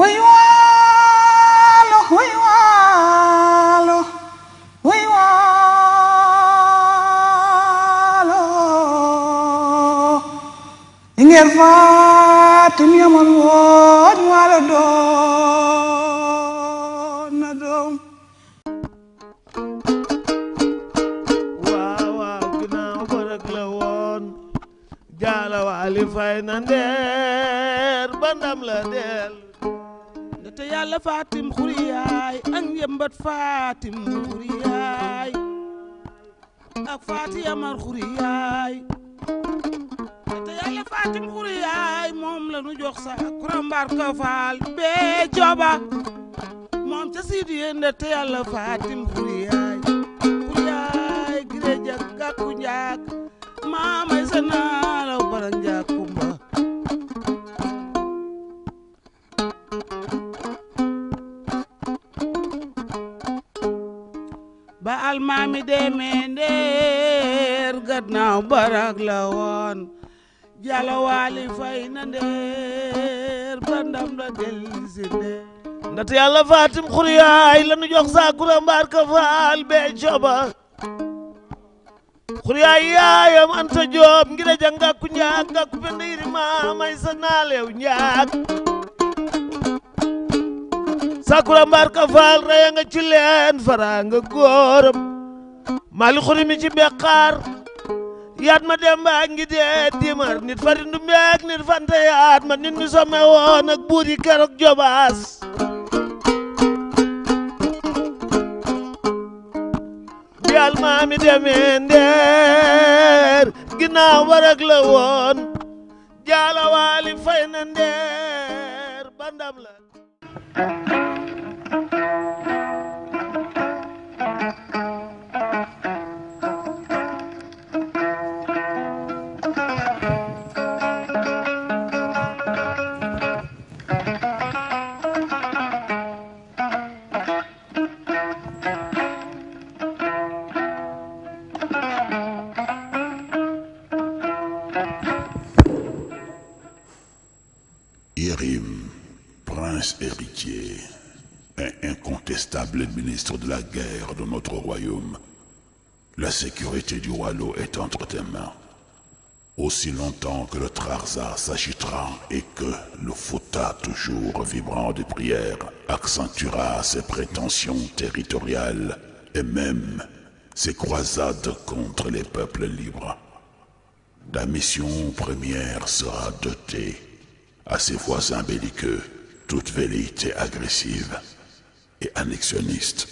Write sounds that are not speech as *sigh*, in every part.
way waalo way waalo way waalo ngeen faatim yaman woon waalo doon na doom waaw waaw ginnaaw ba rek la woon jaala waali fay na ndeer ba ndam la del la fatim ak yëmbat fatim xuriyaay ak fati amar xuriyaay te yàlla fatim xuriyaay moom la nu jox sa faal bee joba moom ca siidi yende te yàlla fatim xuriyaay xuriyaay gireja gàkku njaak maamay sa naalaw bara ba almaami demee ndeer gannaaw barak la woon jalawaali fay na ndeer ba ndam la dellusi ndeer ndata yàlla fatim xuriyaay lanu jox saakura mbaar ka faal bee coba xuriyaay yaayam anta joob ngira ja ngàkku njaag ngàkku pende yiri maamay sa naaleew njaag sakura mbaar ka faal raya ci leen fara nga mali xuri mi ci beqaar yaat ma dem baa ngi dee dimar nit fari ndu mbeek nit fanta yaat ma nit mi somme woon ak buur yi keroog jobaas yal maami demee ndeer ginnaaw ba rek la woon jaala waali fay na ndeer bandam la Thank you. détestable ministre de la guerre de notre royaume, la sécurité du Wallo est entre tes mains. Aussi longtemps que le Trarza s'agitera et que le Fouta, toujours vibrant de prières, accentuera ses prétentions territoriales et même ses croisades contre les peuples libres. La mission première sera dotée à ses voisins belliqueux toute velléité agressive et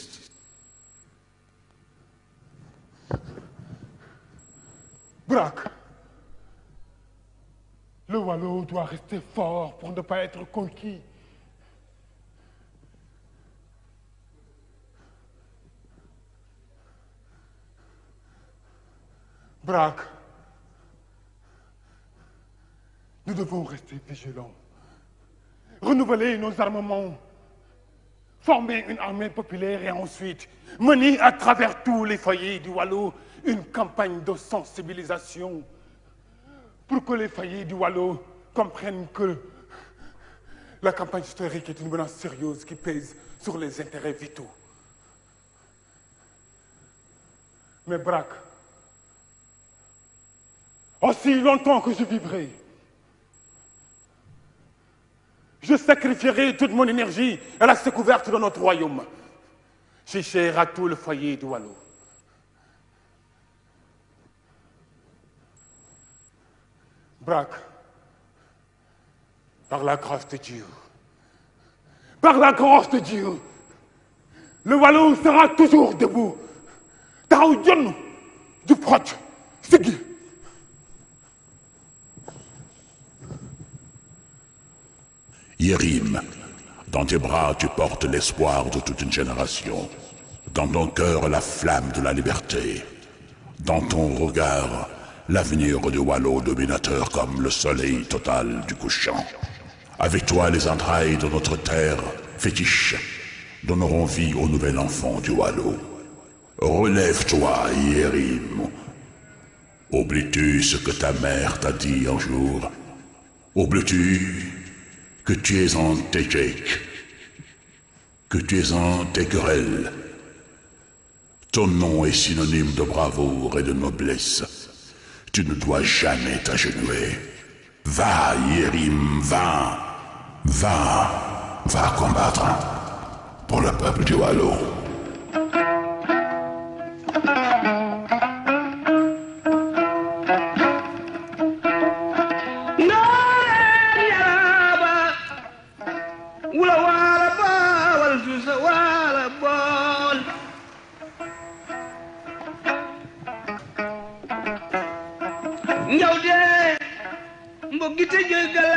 le Wallo doit rester fort pour ne pas être conquis. Braque, nous devons rester vigilants, renouveler nos armements. former une armée populaire et ensuite mener à travers tous les foyers du Waalo une campagne de sensibilisation pour que les foyers du Waalo comprennent que la campagne historique est une menace sérieuse qui pèse sur les intérêts vitaux. Mais Braque, aussi longtemps que je vivrai, Je sacrifierai toute mon énergie à la découverte de notre royaume. J'ai cher tout le foyer de Wallo. Braque, par la grâce de Dieu, par la grâce de Dieu, le Wallo sera toujours debout. taxaw jonn du proche siggi Yérim, dans tes bras tu portes l'espoir de toute une génération, dans ton cœur la flamme de la liberté, dans ton regard l'avenir de Wallo dominateur comme le soleil total du couchant. Avec toi les entrailles de notre terre fétiche donneront vie au nouvel enfant du Wallo. Relève-toi, Yérim. Oublies-tu ce que ta mère t'a dit un jour Oublies-tu que tu es en Tejek, que tu es en Tequerel. Ton nom est synonyme de bravoure et de noblesse. Tu ne dois jamais t'agenouiller. Va, Yérim, va, va, va combattre pour le peuple du Wallo. tëjëgal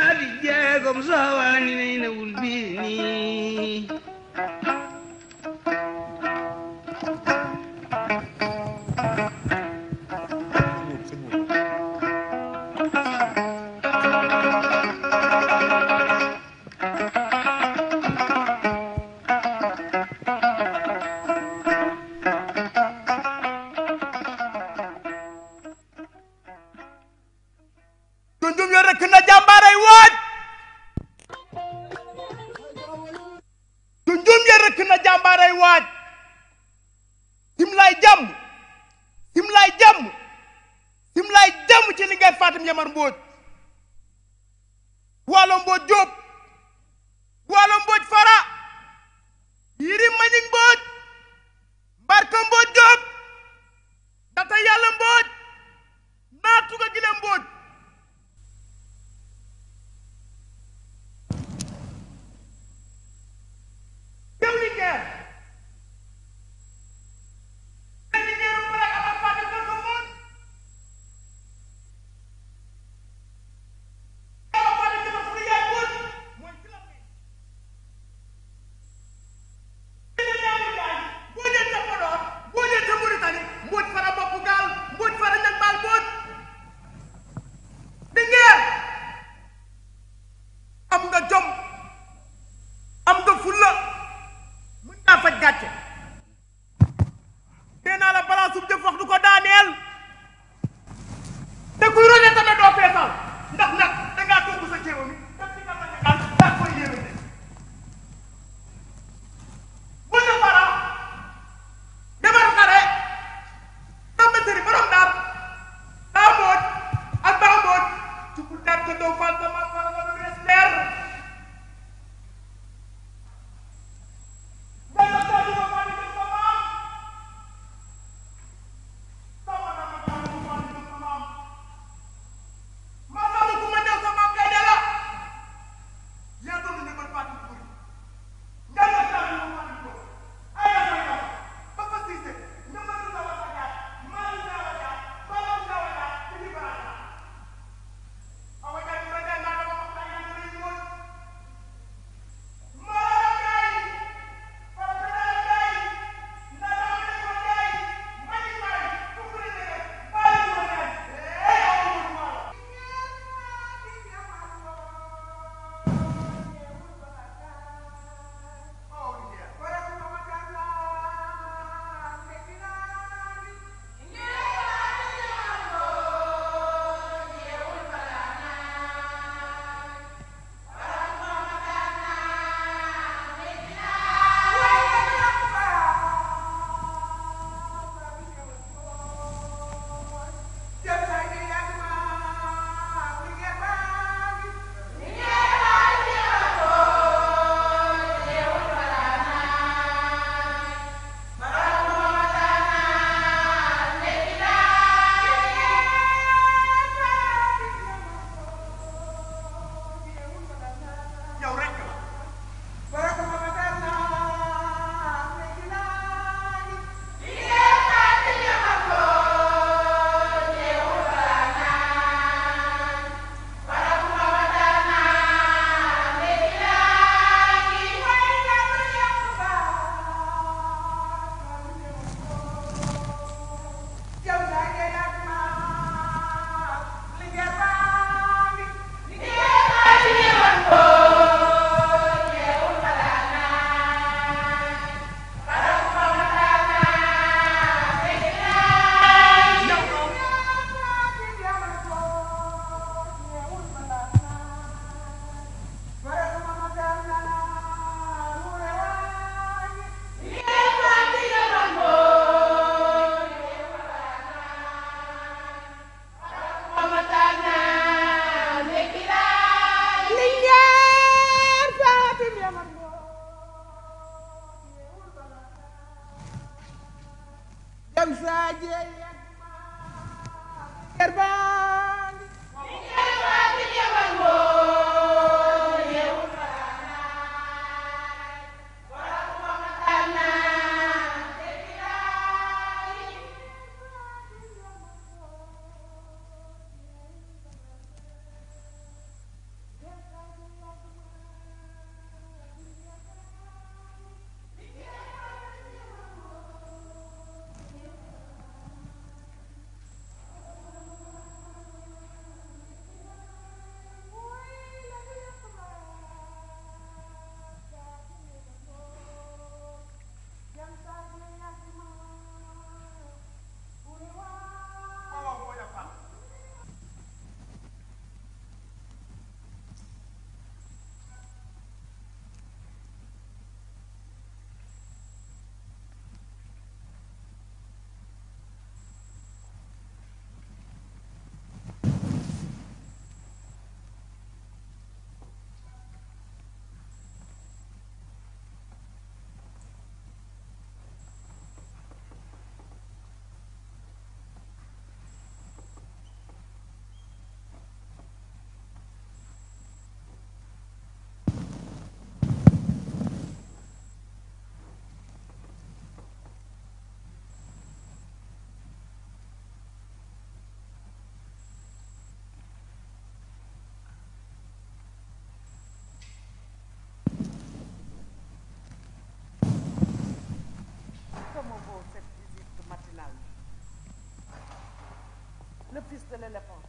fils de l'éléphant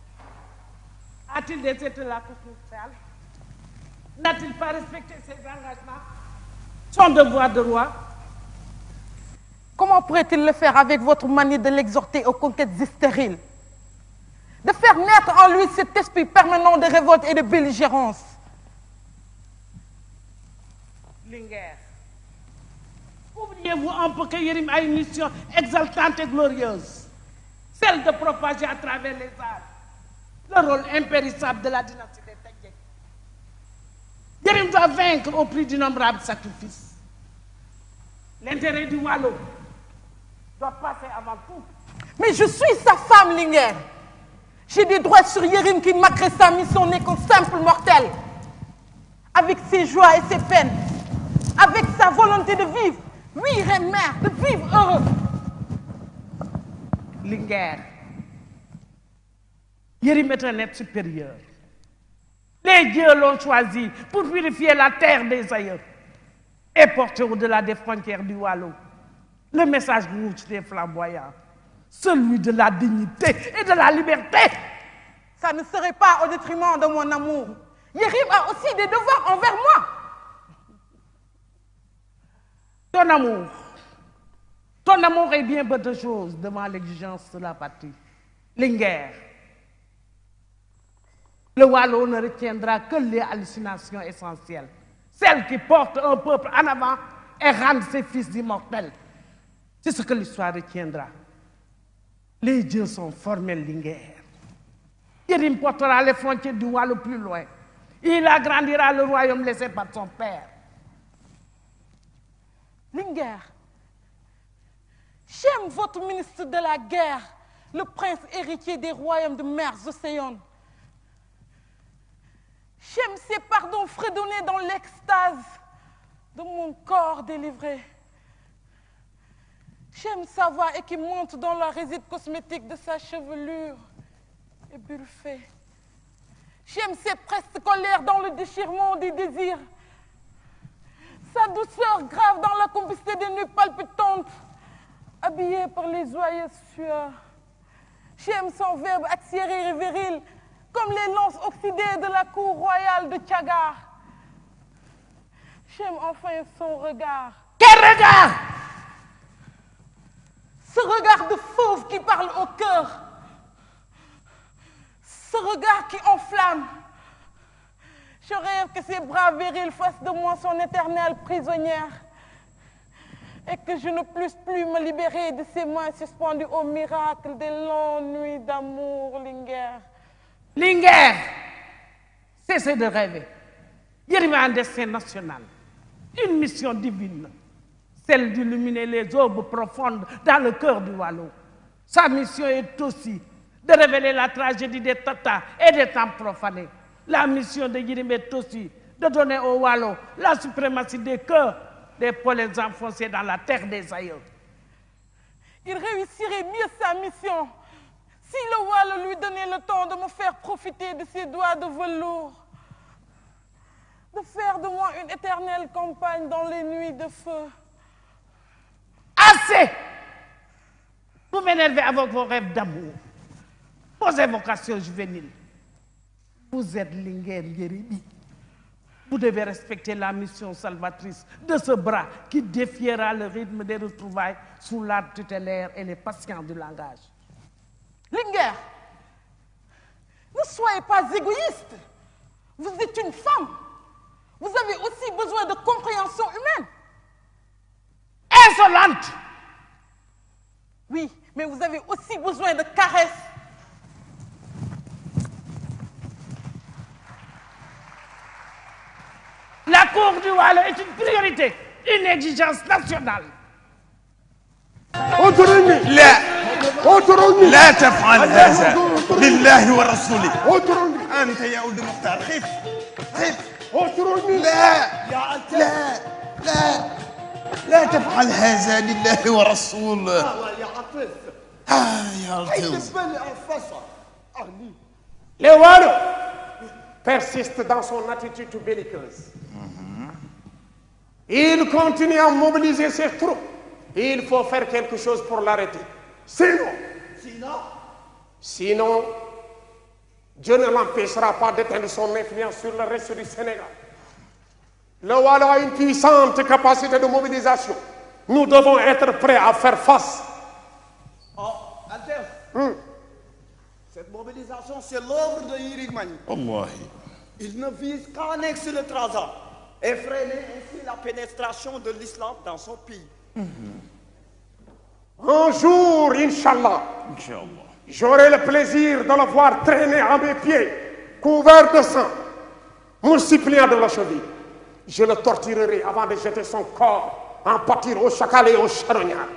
A-t-il N'a-t-il pas respecté ses engagements Son devoir de roi Comment pourrait-il le faire avec votre manie de l'exhorter aux conquêtes stériles De faire naître en lui cet esprit permanent de révolte et de belligérance Linguère, oubliez-vous un peu une mission exaltante et glorieuse celle de propager à travers les arts le rôle impérissable de la dynastie des Teck-Djeck. Yérim doit vaincre au prix d'innombrables sacrifices. L'intérêt du Waalo doit passer avant tout. Mais je suis sa femme, Linguère. J'ai des droits sur Yérim qui, malgré sa mission, n'est qu'un simple mortel. Avec ses joies et ses peines, avec sa volonté de vivre, oui, il mère, de vivre heureux. Linguère Yérim est un être supérieur les dieux l'ont choisi pour purifier la terre des aïeux et porter au-delà des frontières du Walo le message rouge des flamboyants celui de la dignité et de la liberté ça ne serait pas au détriment de mon amour Yérim a aussi des devoirs envers moi ton amour Ton amour est bien peu de choses devant l'exigence de la partie Linguère. Le Wallo ne retiendra que les hallucinations essentielles, celles qui portent un peuple en avant et rendent ses fils immortels. C'est ce que l'histoire retiendra. Les dieux sont formels, Linguère. Il importera les frontières du Wallo plus loin. Il agrandira le royaume laissé par son père. J'aime votre ministre de la guerre, le prince héritier des royaumes de mers océanes. J'aime ces pardons fredonnés dans l'extase de mon corps délivré. J'aime sa et qui monte dans la réside cosmétique de sa chevelure ébuffée. J'aime ses prestes colères dans le déchirement des désirs. Sa douceur grave dans la complicité des nuits palpitantes. habillé par les joyeuses sueurs. J'aime son verbe accéléré et viril, comme les lances oxydées de la cour royale de Tchagar. J'aime enfin son regard. Quel regard Ce regard de fauve qui parle au cœur. Ce regard qui enflamme. Je rêve que ses bras virils fassent de moi son éternelle prisonnière. et que je ne puisse plus me libérer de ces mains suspendues au miracle des longues nuits d'amour Linguère Linguère cessez de rêver yërmande c'est national une mission divine celle d'illuminer les aubes profondes dans le cœur du Walo sa mission est aussi de révéler la tragédie des Tata et des temps profanés la mission de Yirim est aussi de donner au Walo la suprématie des cœurs des les enfoncer dans la terre des aïeux. Il réussirait mieux sa mission si le Wall lui donnait le temps de me faire profiter de ses doigts de velours, de faire de moi une éternelle compagne dans les nuits de feu. Assez Vous m'énervez avec vos rêves d'amour, vos évocations juvéniles. Vous êtes l'ingénierie. Vous devez respecter la mission salvatrice de ce bras qui défiera le rythme des retrouvailles sous l'arbre tutélaire et les patients du langage. Linguère, ne soyez pas égoïste. Vous êtes une femme. Vous avez aussi besoin de compréhension humaine. Insolente! Oui, mais vous avez aussi besoin de caresses. La cour du Walo est une priorité, une exigence nationale. اتركني لا اتركني لا تفعل هذا لله ورسوله اتركني أنت يا ولد المختار خف خف اتركني لا لا لا لا تفعل هذا لله ورسوله يا عطيف ها يا عطيف بالنسبة لي الفصل لوالو persiste dans son attitude belliqueuse. Mm -hmm. Il continue à mobiliser ses troupes. il faut faire quelque chose pour l'arrêter. Sinon, sinon, sinon, Dieu ne l'empêchera pas d'éteindre son influence sur le reste du Sénégal. Le Walo une puissante capacité de mobilisation. Nous devons être prêts à faire face. Oh, Cette mobilisation, c'est l'œuvre de Yirik Mani. Il ne vise qu'à le Trarza et ainsi la pénétration de l'islam dans son pays. Mm-hmm. Un jour, Inch'Allah, Inch'Allah. j'aurai le plaisir de le voir traîner à mes pieds, couvert de sang, de la cheville. Je le torturerai avant de jeter son corps en pâtir aux chacals et aux charognards.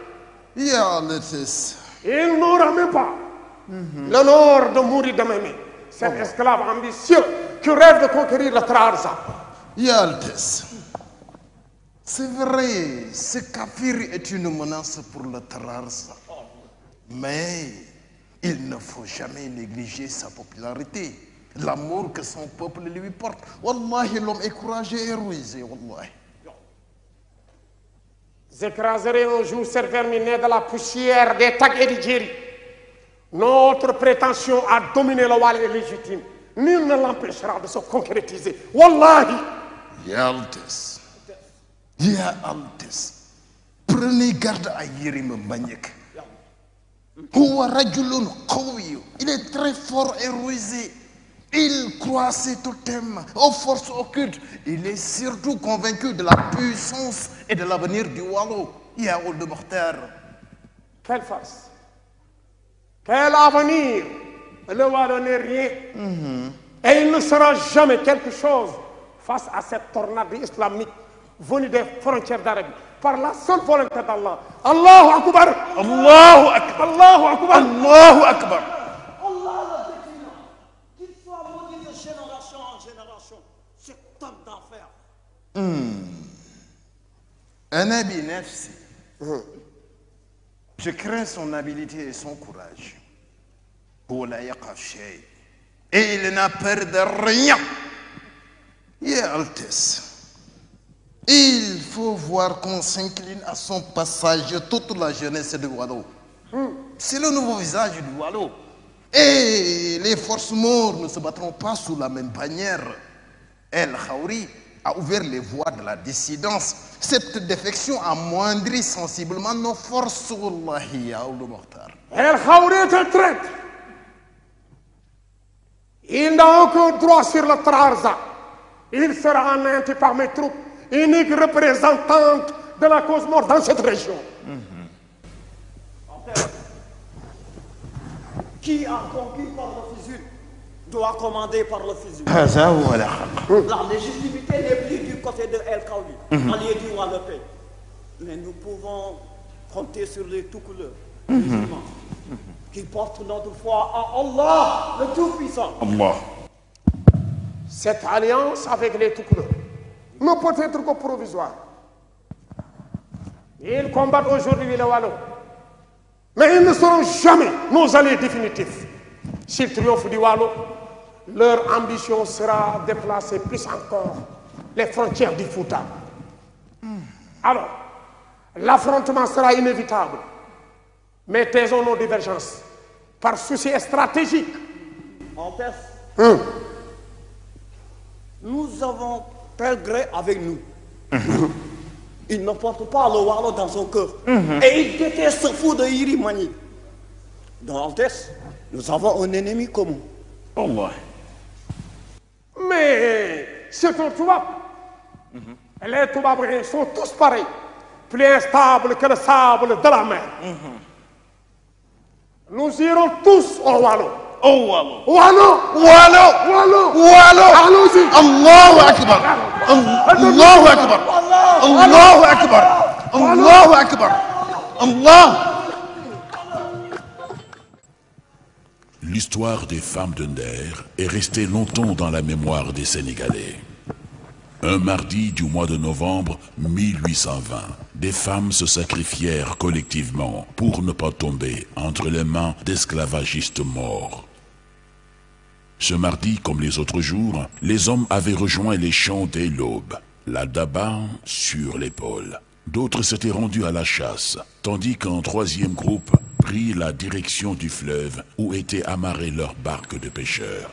Il n'aura même pas L'honneur de mourir de Mémé, cet esclave ambitieux qui rêve de conquérir la Trarza. Your Altesse, c'est vrai, ce Kafiri est une menace pour la Trarza. Mais il ne faut jamais négliger sa popularité, l'amour que son peuple lui porte. Wallahi, l'homme est courageux et rusé, wallahi. J'écraserai un jour cette verminée de la poussière des tags et des Notre prétention à dominer le Wali est légitime. Nul ne l'empêchera de se concrétiser. Wallahi. Ya Altesse. Prenez garde à Yérim Mbagnek. Il est très fort et rusé. Il croit ses totems aux forces occultes. Il est surtout convaincu de la puissance et de l'avenir du Wallo. Ya Old Mortar. et l'avenir, le roi donner rien. Mm -hmm. Et il ne sera jamais quelque chose face à cette tornade islamique venue des frontières d'Arabie par la seule volonté d'Allah. Allahu Akbar. Allahu Akbar. Allahu Akbar. Allahu Akbar. Allah le déclinant, qu'il soit maudit de génération en génération, cet homme d'enfer. Ana bi nafsi. Mm. Je crains son habileté et son courage. هو لا يقع شيء et il n'a peur de rien. Your Altesse, il faut voir qu'on s'incline à son passage toute la jeunesse de Guadeloupe. Hmm, c'est le nouveau visage de Guadeloupe. Et les forces mortes ne se battront pas sous la même bannière. El Khaouri a ouvert les voies de la dissidence. Cette défection amoindrit sensiblement nos forces. Wallahi, ya Ould Mokhtar. El Khaouri est un Il n'a aucun droit sur le Trarza. Il sera anéanti par mes troupes, unique représentante de la cause morte dans cette région. Mm-hmm. Qui a conquis par le fusil doit commander par le fusil. Mm-hmm. La légitimité n'est plus du côté de El Kaouli, mm-hmm. allié du Walapé. Mais nous pouvons compter sur les tout couleurs. Mm-hmm. qui porte notre foi à Allah, le Tout-Puissant. Allah. Cette alliance avec les Toucouleurs ne peut être que Ils combattent aujourd'hui les Wallons. Mais ils ne seront jamais nos alliés définitifs. S'ils triomphent du Wallon, leur ambition sera déplacer plus encore les frontières du Alors, l'affrontement sera inévitable. mais taisons nos divergences par souci stratégique. En Perse. Hum. Nous avons Pelgré avec nous. Il ne pas le Waalo dans son cœur. Et il déteste ce fou de Irimani. Dans Altesse, nous avons un ennemi commun. Oh mais c'est un Toubab. Les Toubabs sont tous pareils, plus instables que le sable de la mer. Nous irons L'histoire des femmes de Nder est restée longtemps dans la mémoire des Sénégalais. Un mardi du mois de novembre 1820, des femmes se sacrifièrent collectivement pour ne pas tomber entre les mains d'esclavagistes morts. Ce mardi, comme les autres jours, les hommes avaient rejoint les champs dès l'aube, la daba sur l'épaule. D'autres s'étaient rendus à la chasse, tandis qu'un troisième groupe prit la direction du fleuve où étaient amarrées leurs barques de pêcheurs.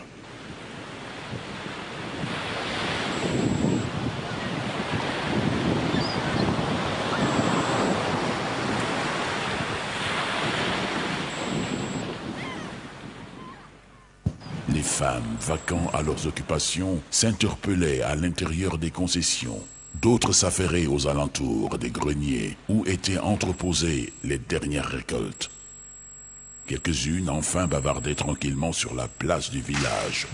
les femmes, vacant à leurs occupations, s'interpellaient à l'intérieur des concessions. D'autres s'affairaient aux alentours des greniers où étaient entreposées les dernières récoltes. Quelques-unes enfin bavardaient tranquillement sur la place du village.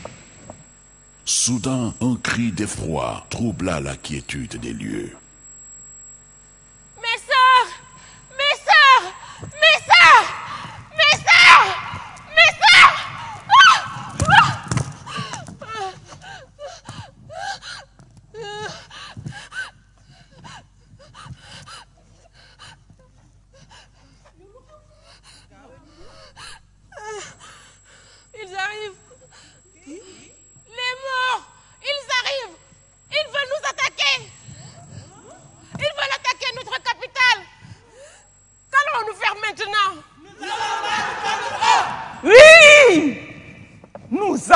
Soudain, un cri d'effroi troubla la quiétude des lieux.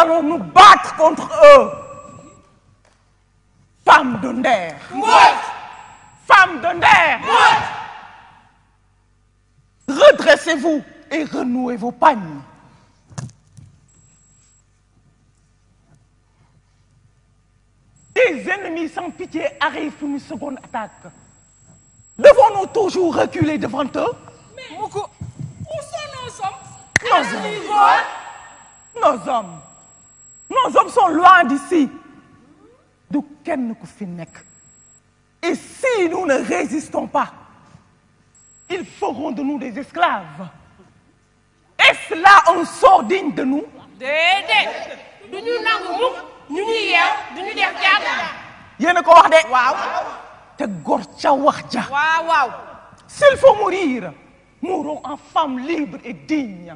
allons nous battre contre eux. Femme de Redressez-vous et renouez vos pagnes. Des ennemis sans pitié arrivent une seconde attaque. Devons-nous toujours reculer devant eux? où sont Nos hommes. nos hommes sont loin d'ici du kenn ku fi et si nous ne résistons pas ils feront de nous des esclaves est-ce là sort digne de nous déedéet du ñu nangu mukk ñu ñuy yeew du ñu def jàmm yéena ko wax de waaw te góor ca wax ja waaw waaw s'il faut mourir mourons en femmes libres et dignes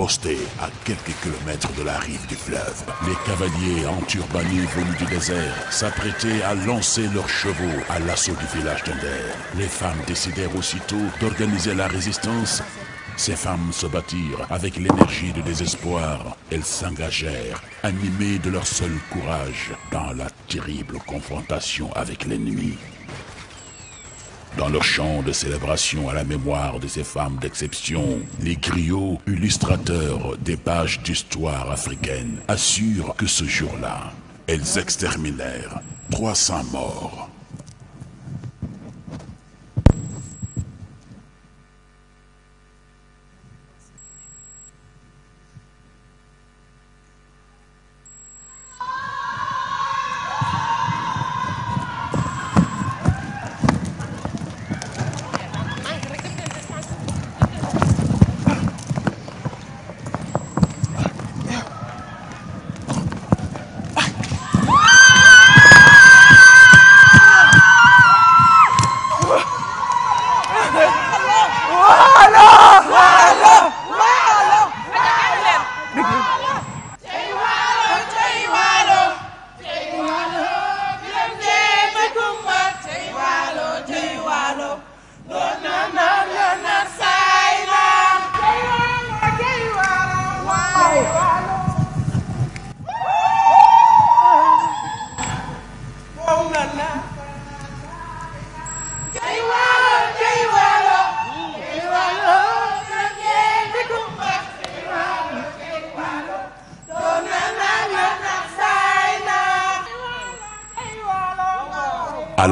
postés à quelques kilomètres de la rive du fleuve. Les cavaliers enturbanés venus du désert s'apprêtaient à lancer leurs chevaux à l'assaut du village d'Ender. Les femmes décidèrent aussitôt d'organiser la résistance. Ces femmes se battirent avec l'énergie du désespoir. Elles s'engagèrent, animées de leur seul courage, dans la terrible confrontation avec l'ennemi. Dans leur chant de célébration à la mémoire de ces femmes d'exception, les griots, illustrateurs des pages d'histoire africaine, assurent que ce jour-là, elles exterminèrent morts.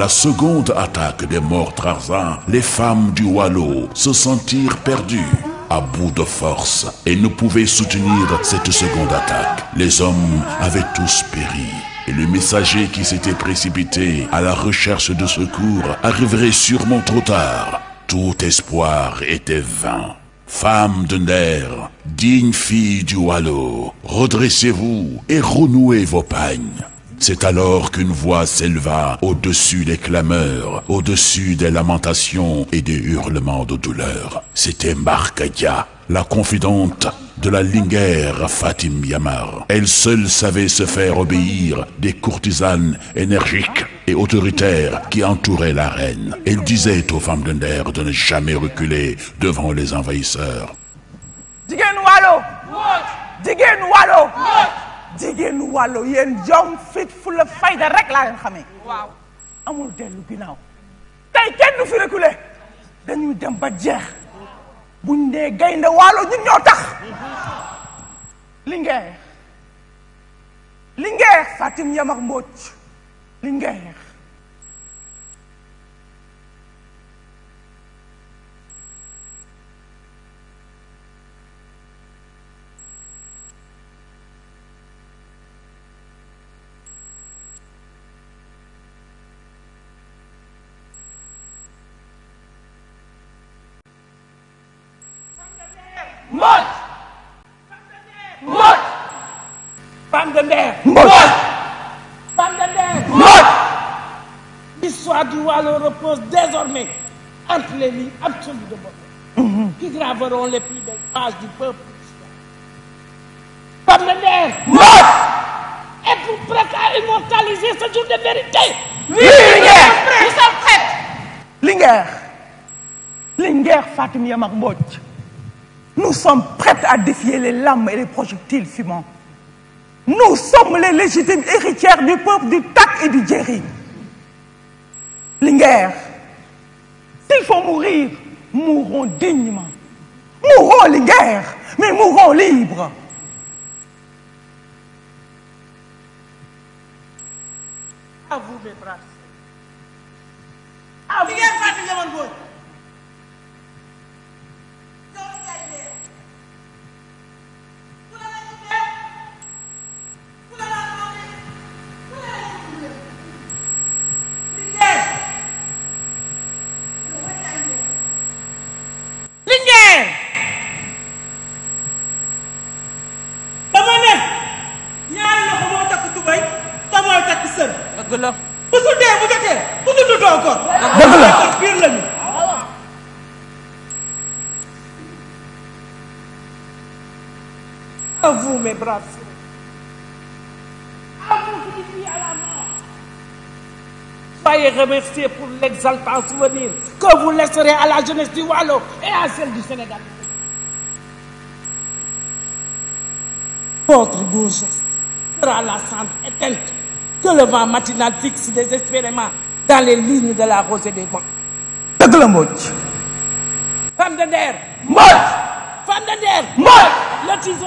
la seconde attaque des morts Tarzan, les femmes du Waalo se sentirent perdues, à bout de force, et ne pouvaient soutenir cette seconde attaque. Les hommes avaient tous péri. Et le messager qui s'était précipité à la recherche de secours arriverait sûrement trop tard. Tout espoir était vain. Femmes de Nder, dignes filles du Waalo, redressez-vous et renouez vos C'est alors qu'une voix s'éleva au-dessus des clameurs, au-dessus des lamentations et des hurlements de douleur. C'était Marcadia, la confidente de la lingère Fatim Yamar. Elle seule savait se faire obéir des courtisanes énergiques et autoritaires qui entouraient la reine. Elle disait aux femmes de nerf de ne jamais reculer devant les envahisseurs. Jigéen waalo. Jigéen waalo. jigéenu wàllu yéen jom fit fula fayda rek laa leen xamee. waaw amul dellu ginnaaw. tey kenn du fi dañuy dem ba jeex buñ dee gaynde waalo ñun ñoo tax. Linguère Linguère Fatim Yamak li Linguère. Mbodj. Mbodj. Femme de Nder. Mbodj. Femme de Nder. Mbodj. l'histoire du Waalo repose désormais entre les lignes absolues de Mbodj. Mm-hmm. qui graveront les plus belles du peuple. Femme de Nder. Mbodj. et pour préserver immortaliser ce jour de vérité. Vive Linguère nous sommes Nous sommes prêts à défier les lames et les projectiles fumants. Nous sommes les légitimes héritières du peuple du Tac et du Djeri. Linguère, s'il faut mourir, mourons dignement. Mourons Linguère, mais mourons libres. où mes bras Soyez remerciés pour l'exaltant souvenir que vous laisserez à la jeunesse du et à celle du Sénégal. Votre beau sera la cendre éteinte que le vent matinal fixe désespérément dans les lignes de la rosée des vents. de Der. Le tison.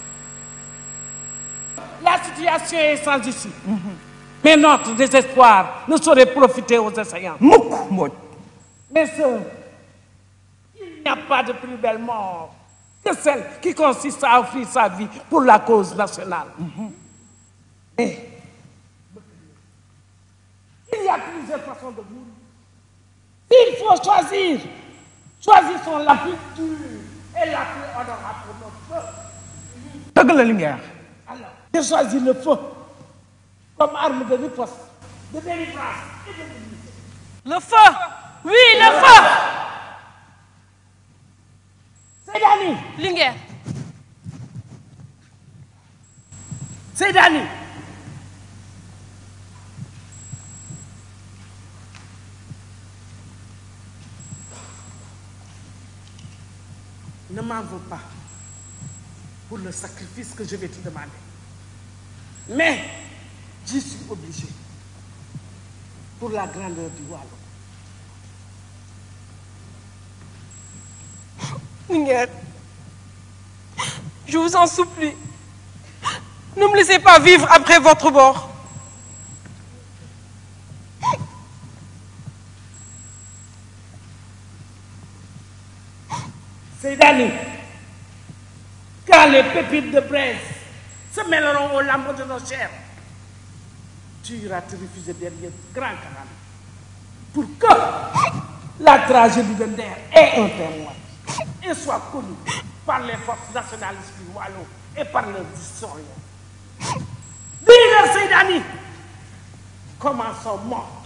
la situation est sans issue. Mais notre désespoir ne saurait profiter aux assaillants. Mukk Mbodj. Mes sœurs, il n'y a pas de plus belle mort que celle qui consiste à offrir sa vie pour la cause nationale. Eh. il y a plusieurs façons de mourir. Il faut choisir. Choisissons la plus dure et la plus honorable pour notre peuple. Dëgg la li nga wax. Alors J'ai choisi le feu comme arme de riposte, Le feu! Oui, le, le Seydani. Linguère. Seydani. Ne m'en veux pas pour le sacrifice que je vais te demander. mais j'y suis pour la grandeur du Waalo. Linguère, je vous en supplie, ne me laissez pas vivre après votre mort. Seydani, car les pépites de presse se mêleront aux lames de nos chairs. Tu iras te refuser derrière grand canal pour la tragédie de Nder ait et soit connue par les forces nationalistes du et par leurs historiens. Divers Seydani, comment sont mortes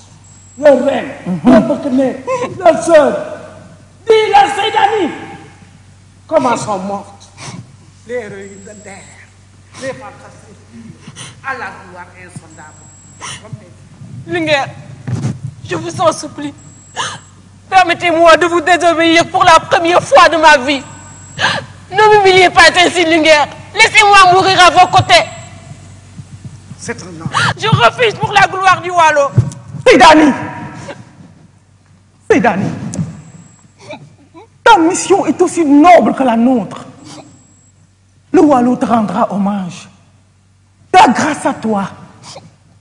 leur reine, leur Burkinais, leur Seydani, comment sont mortes les héroïnes les fantastiques je vous en supplie, permettez-moi de vous désobéir pour la première fois de ma vie. Ne m'humiliez pas ainsi, Linguère. Laissez-moi mourir à vos côtés. Je refuse pour la gloire du Wallo. Seydani Seydani, ta mission est aussi noble que la nôtre. le Wallou te rendra hommage. La grâce à toi.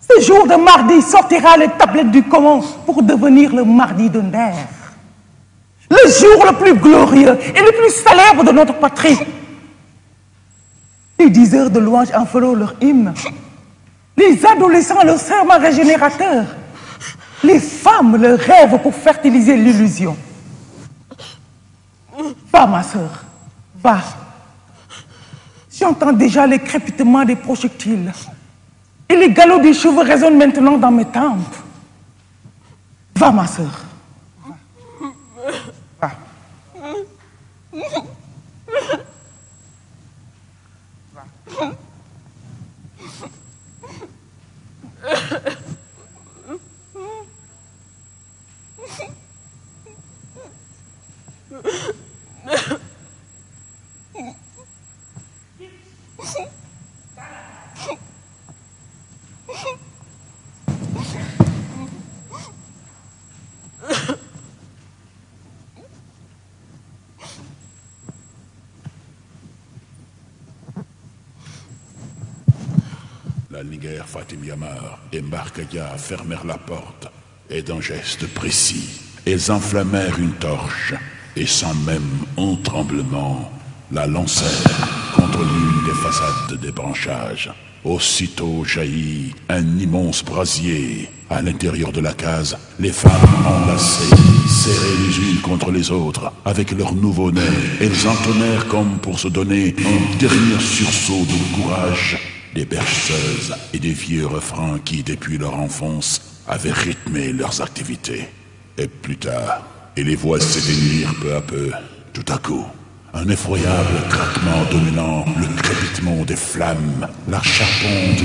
Ce jour de mardi sortira les tablettes du commun pour devenir le mardi de Nder. Le jour le plus glorieux et le plus célèbre de notre patrie. Les diseurs de louanges en leur hymne. Les adolescents leur serment régénérateur. Les femmes leur rêvent pour fertiliser l'illusion. Va, ma sœur, J'entends déjà les crépitements des projectiles. Et les galops des chevaux résonnent maintenant dans mes tempes. Va, ma sœur. Va. Fatim Yamar et Mbarkaya fermèrent la porte, et d'un geste précis, elles enflammèrent une torche, et sans même un tremblement, la lancèrent contre l'une des façades des branchages. Aussitôt jaillit un immense brasier. À l'intérieur de la case, les femmes enlacées, serrées les unes contre les autres, avec leur nouveau-né, elles entonnèrent comme pour se donner un dernier sursaut de courage des berceuses et des vieux refrains qui, depuis leur enfance, avaient rythmé leurs activités. Et plus tard, et les voix s'éteignirent peu à peu, tout à coup. Un effroyable craquement dominant, le crépitement des flammes, la charpente du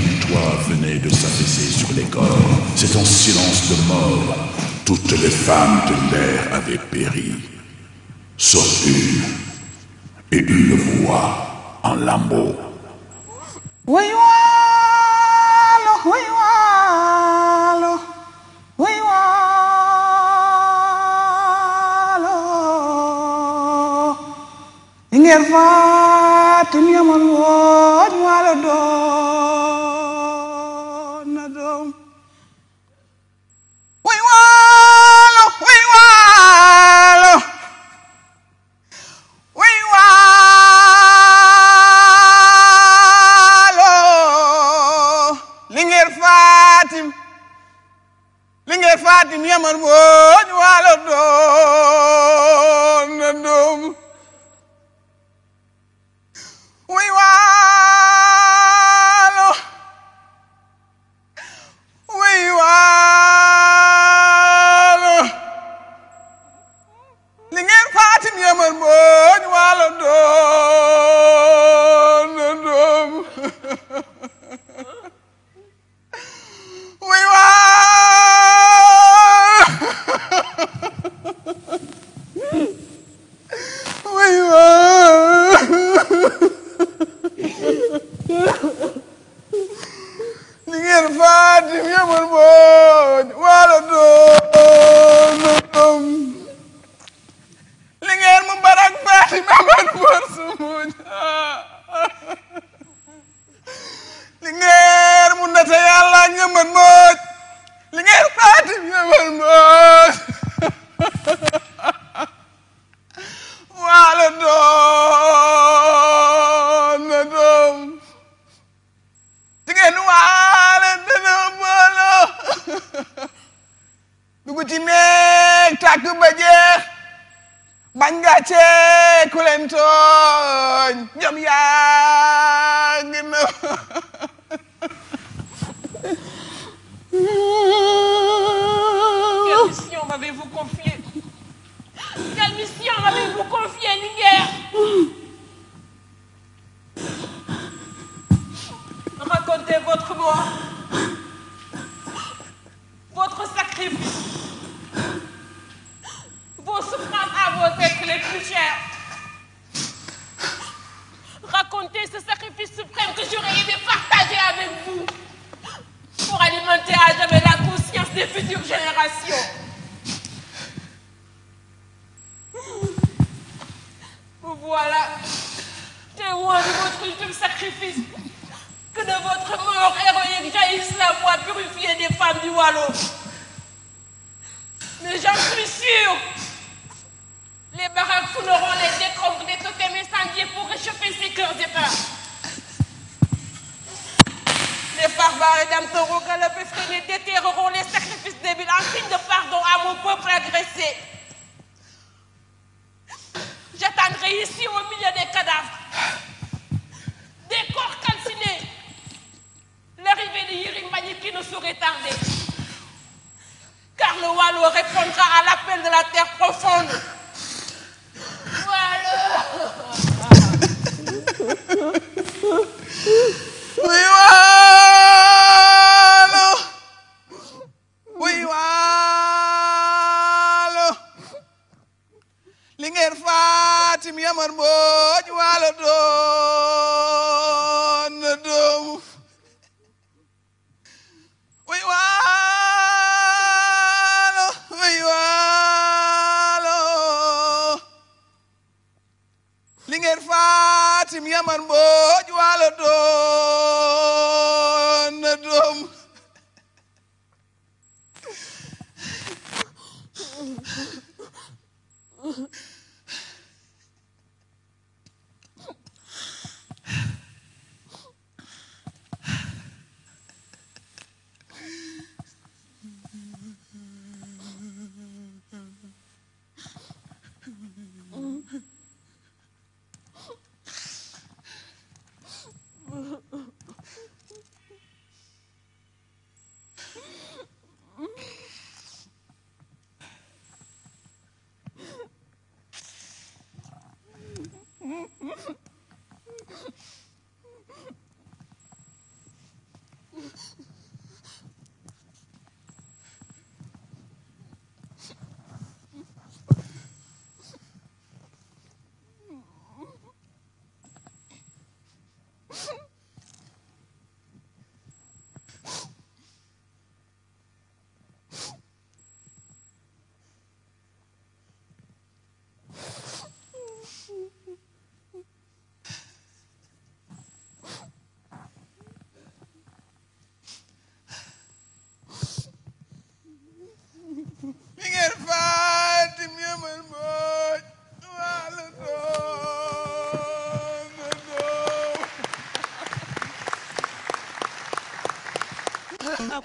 venait de s'affaisser sur les corps. C'est un silence de mort. Toutes les femmes de l'air avaient péri, sauf et une voix en lambeaux. way waalo way waalo way waalo i ngeer fatim yamal woon waalo doon fatim yamar booj waalo dooj añ gàcce ku leen tooñ ñoom yaa ngi na *laughs* Quelle mission m'avez-vous confiée Quelle mission m'avez-vous confiée, Niger Racontez votre mort. que j'aurais aimé partager avec vous pour alimenter à jamais la conscience des futures générations. Vous voilà témoin de votre ultime sacrifice, que de votre mort héroïque jaillisse la voix purifiée des femmes du Wallo. Mais j'en suis sûre, les baraques fouleront les décombres des totems incendiés pour réchauffer ces cœurs épars. barbares et d'âmes seront galopés, les sacrifices débiles en de pardon à mon peuple agressé. J'attendrai ici au milieu des cadavres, des corps calcinés, l'arrivée de Yirim Mani qui ne saurait tarder. à l'appel de la terre profonde. Wallo! oui,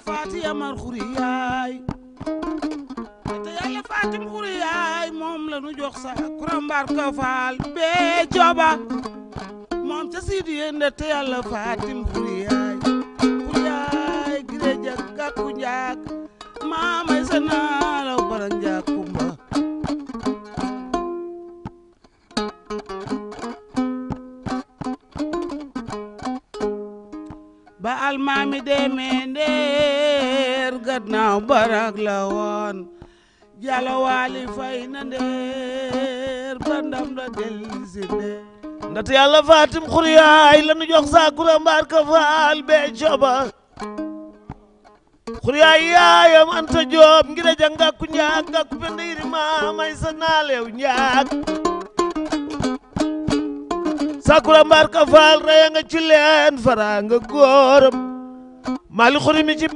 faati amar xuri yaay te faatim xuri moom la nu jox sa kurambaar faal bee jooba moom ca siidi yende te yàlla faatim njaag la woon fay na ndeer ba ndam la dellusi ndeer ndata yàlla fatim xuriyaay la nu jox saa mbaar ka faal bee coba xuriyaay yaayam anta joob ngira ja ngàkku njaag ngàkku pende yiri maamay sa naaleew njaag sakura mbaar ka faal raya nga ci fara nga góoram mali xuri mi ci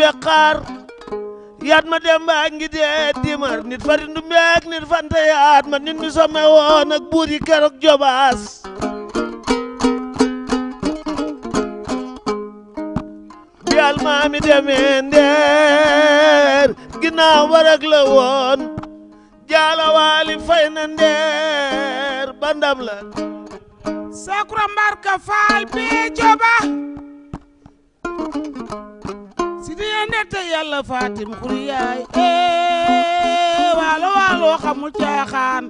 yaat ma demba ngi dee dimar nit fari ndumbeek nit fanta yaat ma nit mi somme woon ak buur yi keroog jobaas biyal maami demee ndeer ginnaaw warag la woon jaala waali fay na ndeer bandam la sakura mbarka faal bee joba fiya nette yàlla fatim xuriyaay ee eh, waalo waalo xamul caaxaan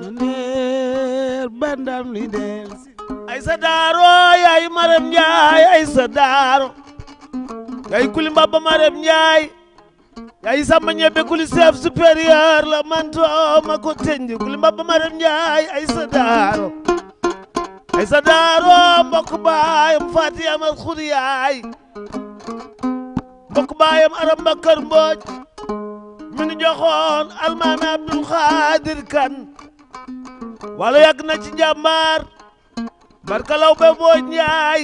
na neer bandam li deel ay sa daaro yaay maram njaay ay sa daaro yaay kulimba ba maram njaay yayi samba ñebbe kuli chef supérieur la manto ma ko tenji kuli mbabba maram njaay ay sa daaro ay sa daaro mbokk baayam fatiyam al xuriyaay mbokk baayam aram bakar mbooj mi nu joxoon almaami abdul xaadir kan wala yàgg na ci njàmbaar barkalaw be mbooj njaay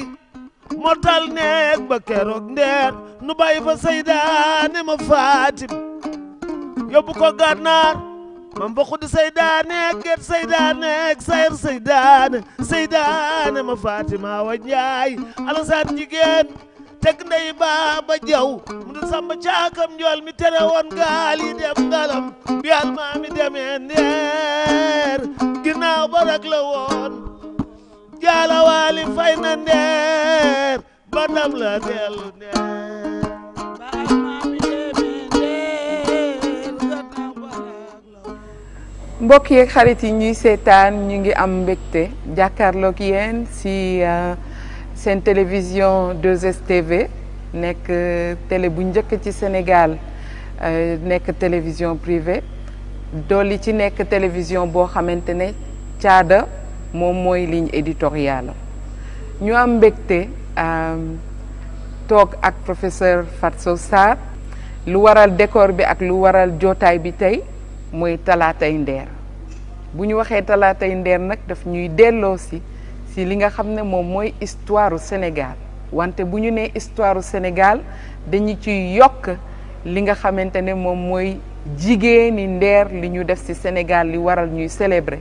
motal neeg ba keroog ndeer nu bàyyi fa saydaane ma faatim yóbbu ko gànnaar ma mboq di saydaane geet saydaane ak sayar saydaane saydaane ma faatima wa njaay alasaan jigéen teg ndey baaba jaw mu di samba caakam njool mi tere woon gaal yi dem ngalam bi almaami demee ndeer ginnaaw ba rek la woon jaala waali fay ndeer ba dam la dellu ndeer mbokk yeeg xarit yi ñuy seetaan ñu ngi am mbégte jàkkaarloog yéen si euh, seen télévision 2STV nekk euh, télé bu njëkk ci Sénégal euh, nekk télévision privée li ci nekk télévision boo xamante ne caada moom mooy ligne éditoriale ñu am mbegte euh, toog ak professeur Fatou Sow lu waral décor bi ak lu waral jootaay bi tey mooy talaatay ndeer bu ñu waxee talaatay ndeer nag daf ñuy delloo si si li nga xam ne moom mooy histoire u Sénégal wante bu ñu nee histoire u Sénégal dañu ci yokk li nga xamante ne moom mooy jigéeni ndeer li ñu def ci Sénégal li waral ñuy célébrer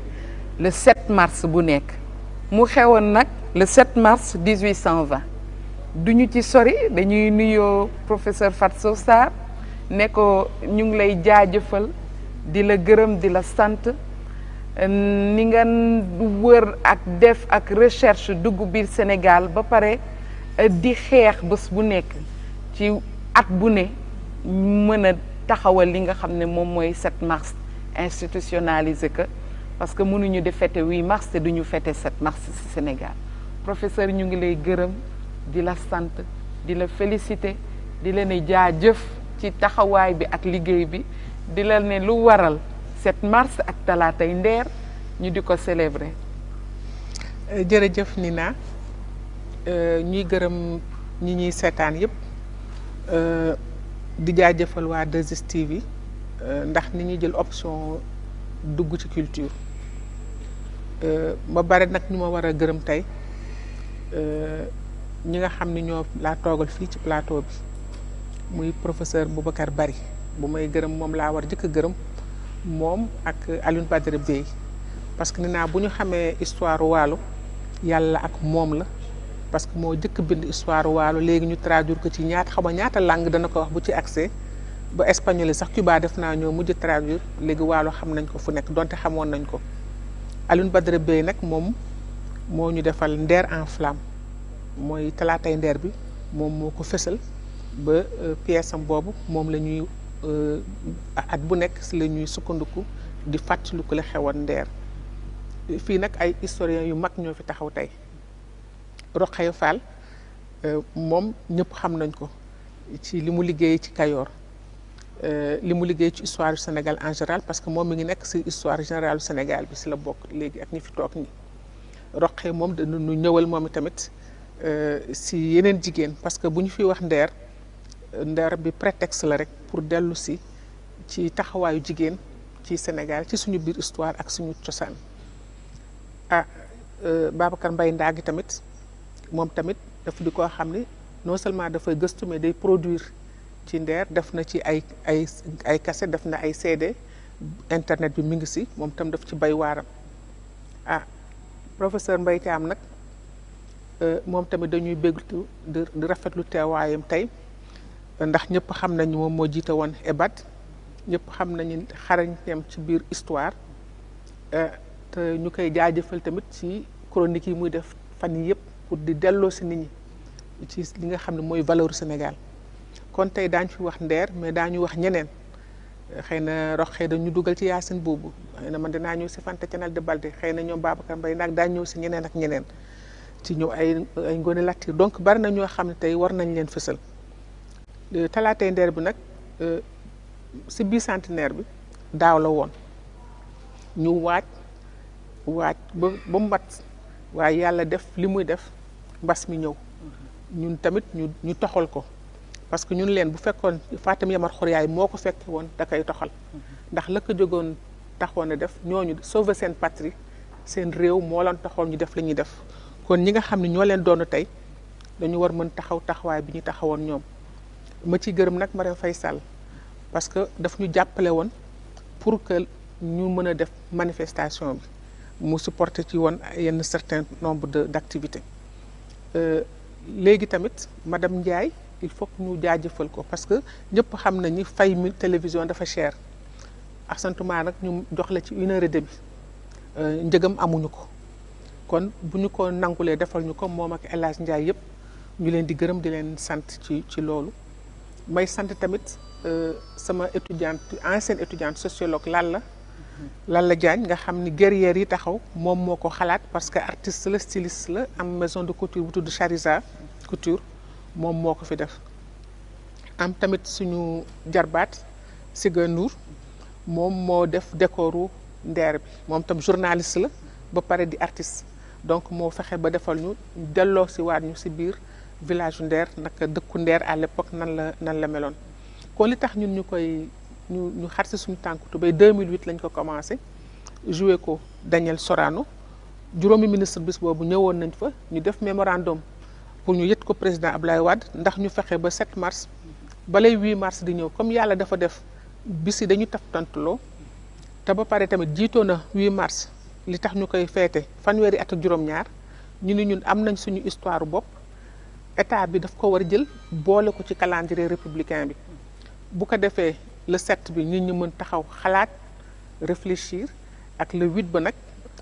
le 7 mars bu nekk mu xewoon nag le 7 mars 1820 du ñu ci sori dañuy nuyoo professeur Fatou Sow Sarr ne ko ñu ngi lay jaajëfal di la gërëm di la sant ni nga wër ak def ak recherche dugg biir Sénégal ba pare di xeex bés bu nekk ci at bu ne mën a taxawal li nga xam ne moom mooy 7 mars institutionnalisé que parce que mënuñu di fête 8 mars te duñu fête set mars ci Sénégal professeur ñu ngi lay gërëm di la sant di la félicité di la ne jëf ci taxawaay bi ak liggéey bi di la ne lu waral set mars ak talaatay ndeer ñu di ko célébrer. Euh, jërëjëf Nina euh, ñuy gërëm ñi ñuy seetaan yépp euh, di jaajëfal waa 2STV ndax ni ñuy jël option dugg ci culture. Euh, ma bari nag ñu ma war a gërëm tey euh, ñi nga xam ni ñoo laa toogal fii ci plateau bi muy professeur Boubacar Bari bu may gërëm moom laa war jëkk gërëm moom ak Alioune Badara Bey parce que ni naa bu ñu xamee histoire waalo yàlla ak moom la parce que moo jëkk bind histoire waalo léegi ñu traduire ko ci ñaata xaw ma ñaata langue dana ko wax bu ci accès ba espagnol sax Cuba def naa ñoo mujj traduire léegi waalo xam nañ ko fu nekk donte xamoon nañ ko Alioune Badara Bèye nag moom moo ñu defal Nder en flamme mooy talaatay Nder bi moom moo ko fësal ba euh, pièce boobu moom la ñuy euh, at bu nekk si la ñuy sukkandiku di fàttaliku la xewoon Nder fii nag ay historiens yu mag ñoo fi taxaw tey Rokhaya euh, moom ñëpp xam nañ ko ci li mu liggéey ci Kayoor Euh, li mu liggéey ci histoire du Sénégal en général parce que moom mi ngi nekk si histoire générale Sénégal bi si la bokk léegi ak ñi fi toog nii roqee moom dañu ñëwal moom tamit si euh, yeneen jigéen parce que bu ñu fi wax ndeer ndeer bi prétexte la rek pour dellu si ci taxawaayu jigéen ci Sénégal ci suñu biir histoire ak suñu cosaan ah mbay euh, Mbaye gi tamit moom tamit daf di koo xam ni non seulement dafay gëstume mais day produire. ci ndeer def na ci ay ay ay cassette def na ay CD internet bi mi ngi si moom tam daf ci bay waaram ah professeur Mbaye Thiam nag euh, moom tamit dañuy bégtu di rafetlu teewaayam tey ndax ñëpp xam nañu moom moo jiite woon EBAD ñëpp xam nañu xarañteem ci biir histoire euh, te ñu koy jaajëfal tamit ci chronique yi muy def fan yii yëpp pour di delloo si nit ñi ci li nga xam ne mooy valeur Sénégal. kon tey daañu fi wax ndeer mais daañu wax ñeneen euh, xëy na rox xëy na ñu dugal ci yaasin boobu xëy na man dinaa ñëw si Fanta Canal de Balde xëy na ñoom Babacar Mbaye nag daañu ñëw si ñeneen ak ñeneen ci ñëw ay ay ngone donc bari na ñoo xam ne tey war nañ leen fësal euh, talaatay Nder bi nag euh, si biir centenaire bi daaw la woon ñu waaj waaj ba ba mbat waaye yàlla def li muy def mbas mi ñëw ñun tamit ñu ñu toxal ko parce que ñun leen bu fekkoon Fatim Yamar yaay moo ko fekke woon da koy toxal ndax la ko jógoon taxoon a def ñoo ñooñu sauver seen patrie seen réew moo leen taxoon ñu def li ñuy def kon ñi nga xam ne ñoo leen doon tey dañu war mën taxaw taxawaay bi ñu taxawoon ñoom ma ciy gërëm nag Marième fay Sall parce que daf ñu jàppale woon pour que ñu mën a def manifestation bi mu supporté ci woon yenn certain nombre de d' activités euh, léegi tamit ma dem Ndiaye il faut que ñu jaajëfal ko parce que ñëpp xam nañu fay mi télévision dafa cher asantuma nag ñu jox la ci une heure et euh, njëgam amuñu ko kon bu ñu ko nangulee defal ñu ko moom ak El Hadj Ndiaye yëpp ñu leen di gërëm di leen sant ci ci loolu may sant tamit euh, sama étudiante ancienne étudiante sociologue Lalla mm-hmm. Lalla Diagne nga xam ni guerrière yi taxaw moom moo ko xalaat parce que artiste la styliste la am maison de couture bu tudd Chariza culture moom moo ko fi def am tamit suñu jarbaat Siga Ndour moom moo def décoru ndeer bi moom tam journaliste la ba pare di artiste donc moo fexe ba defal ñu delloo si waat ñu si biir village ndeer naka dëkku ndeer à l'époque nan la nan la meloon kon li tax ñun ñu koy ñu ñu xar si suñu tànk tubéy 2008 lañ ko commencé joué ko Daniel Sorano juróomi ministre bis boobu ñëwoon nañ fa ñu def mémorandum pour ñu yët ko président Ablaye Wade ndax ñu fexe ba 7 mars balay 8 mars di ñëw comme yàlla dafa def bisi yi dañu taf tantloo te ba pare tamit jiitoo na 8 mars li tax ñu koy feete fanweeri at ak juróom-ñaar ñu ni ñun am nañ suñu histoire bopp état bi daf ko war jël boole ko ci calendrier républicain bi bu ko defee le 7 bi nit ñi mën taxaw xalaat réfléchir ak le 8 ba nag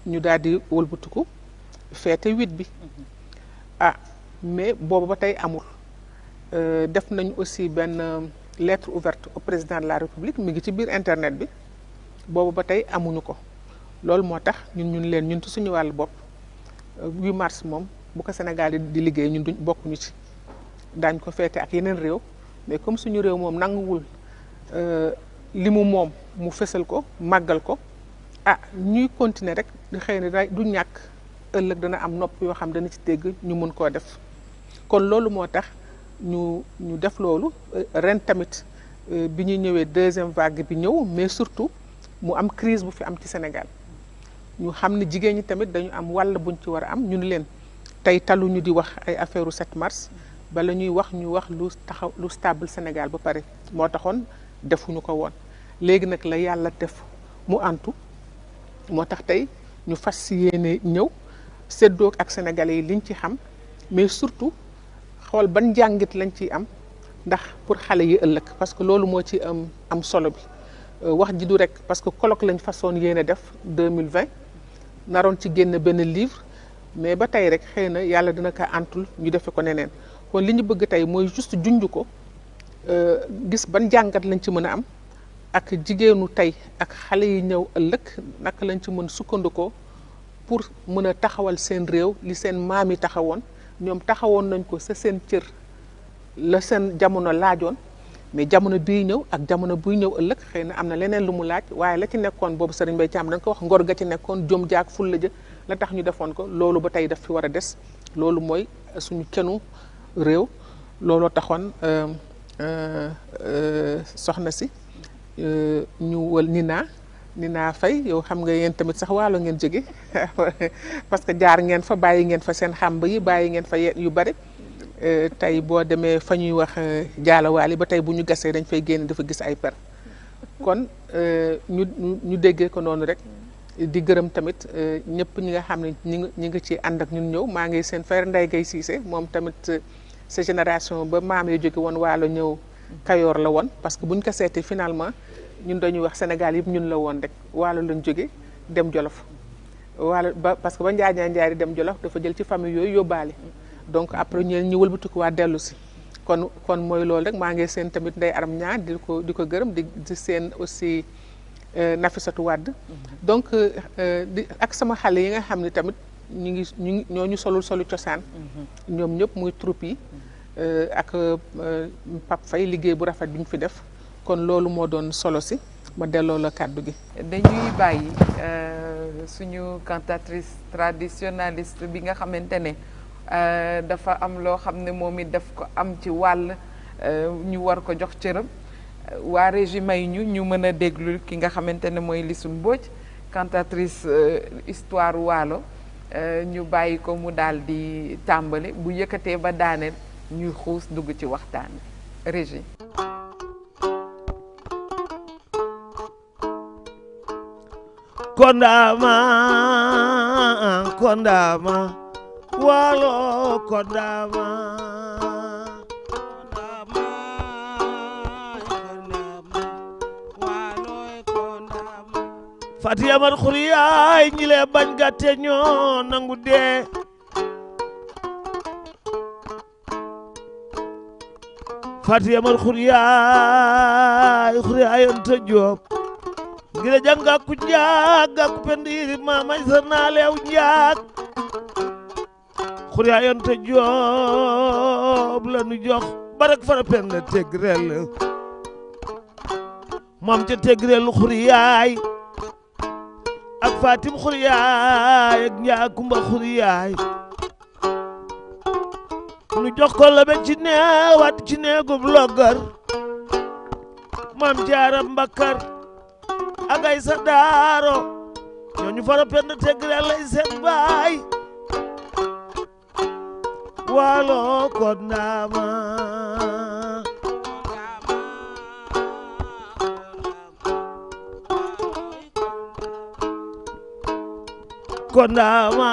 ñu daal di wëlbatiku feete 8 bi ah mais boobu ba tey amul euh, def nañ aussi benn euh, lettre ouverte au président de la république mi ngi ci biir internet bi boobu ba tey amuñu ko loolu moo tax ñun ñun leen ñun ci suñu wàllu bopp 8 euh, mars moom bu ko Sénégal yi di liggéey ñun duñ bokkuñu ci daañ ko feete ak yeneen réew mais comme suñu réew moom nanguwul li mu moom mu fësal ko màggal ko ah ñuy continuer rek xëy na du ñàkk ëllëg dana am nopp yoo xam dana ci dégg ñu mun koo def kon loolu moo tax ñu ñu def loolu euh, ren tamit euh, bi ñuy ñëwee deuxième vague bi ñëw mais surtout mu am crise bu fi am ci Sénégal ñu xam ne jigéen ñi tamit dañu am wàll buñ ci war a am ñu ni leen tey talu ñu di wax ay affaire set 7 mars bala ñuy wax ñu wax lu taxaw lu stable Sénégal ba pare moo taxoon defuñu ko woon léegi nag la yàlla def mu antu moo tax tey ñu fas yéene ñëw séddoog ak sénégalais yi liñ ci xam mais surtout xool ban njàngit lañ ci am ndax pour xale yi ëllëg parce que loolu moo ci am am solo bi euh, wax ji du rek parce que colloque lañ façon yéene def 2020 naroon ci génn benn livre mais ba tey rek xëy na yàlla dina ko antul ñu defe ko neneen kon li ñu bëgg tey mooy juste junj ko euh, gis ban jàngat lañ ci mën a am ak jigéenu tey ak xale yi ñëw ëllëg naka lañ ci mën sukkandikoo pour mën a taxawal seen réew li seen maam yi taxawoon ñoom taxawoon nañ ko sa seen cër la seen jamono laajoon mais jamono bii ñëw ak jamono buy ñëw ëllëg xëy na am na leneen lu mu laaj waaye la ci nekkoon boobu Serigne Mbaye Thiam da nga ko wax ngor ga ci nekkoon jom jaak fulla ja la tax ñu defoon ko loolu ba tey daf fi war a des loolu mooy suñu kenu réew looloo taxoon euh, euh, euh, soxna si ñu wal ni naa ni naa fay yow xam nga yéen tamit sax waalo ngeen jóge *laughs* parce que jaar ngeen fa bàyyi ngeen fa seen xàmb yi bàyyi ngeen fa yu bari euh, tey boo demee fa ñuy wax euh, jaalawaali ba tey bu ñu gasee dañ fay génn dafa gis ay per kon euh, ñu ñu déggee ko noonu rek di gërëm tamit ñëpp ñi nga xam ne ñi ngi ñi ngi ci ànd ak ñun ñëw maa ngi seen frère Ndeye Guèye Cissé moom tamit sa génération ba maam yi jóge woon waalo ñëw kayoor la woon parce que buñ ko seetee finalement ñun dañuy wax Sénégal yëpp ñun la woon rek waalo lañu jóge dem Jolof waalo ba parce que ba Njaañaa Njaari dem Jolof dafa jël ci famille yooyu yóbbaale donc après ñeen ñu wëlbatiku waa dellu si kon kon mooy loolu rek maa ngi seen tamit Ndeye Arame ñaar di ko di ko gërëm di di seen aussi euh, Nafisatu Wade donc euh, euh, di ak sama xale yi nga xam ne tamit ñu ngi ñu ñoo ñu solul solu cosaan mm-hmm. ñoom ñëpp muy troupe yi ak Pape Faye liggéey bu rafet bi ñu fi def kon loolu moo doon solo si ma delloo la kàddu gi. dañuy bàyyi euh, suñu cantatrice traditionnaliste bi nga xamante ne euh, dafa am loo xam ne moom it daf ko am ci wàll euh, ñu war ko jox cëram waa régime yi ñu ñu mën a déglu ki nga xamante ne mooy Lissou Mbodj cantatrice histoire waalo ñu bàyyi ko mu daal di tàmbali bu yëkkatee ba daaneel ñuy xuus dugg ci waxtaan régie Kondama Kondama Walo Kondama Fati Amar Xuriyaay ñi bañ gàtte ñoo nangu dee Fati Amar Xuriyaay Xuriyaay Anta Joob ngir jam gàkku njaag gàkku pendiir ma may sa naaleew njaag xuryaa yoon te joob la nu jox ba fara pen la moom ca tegrel xuryaay ak fatim xuryaay ak njaa kumba xuryaay nu jox ko be ci neewaat ci neegub loggar maam jaaram mbakkar agay sa daaro ñooñu fara penn teggal lay seen baay waalo kod naama kondama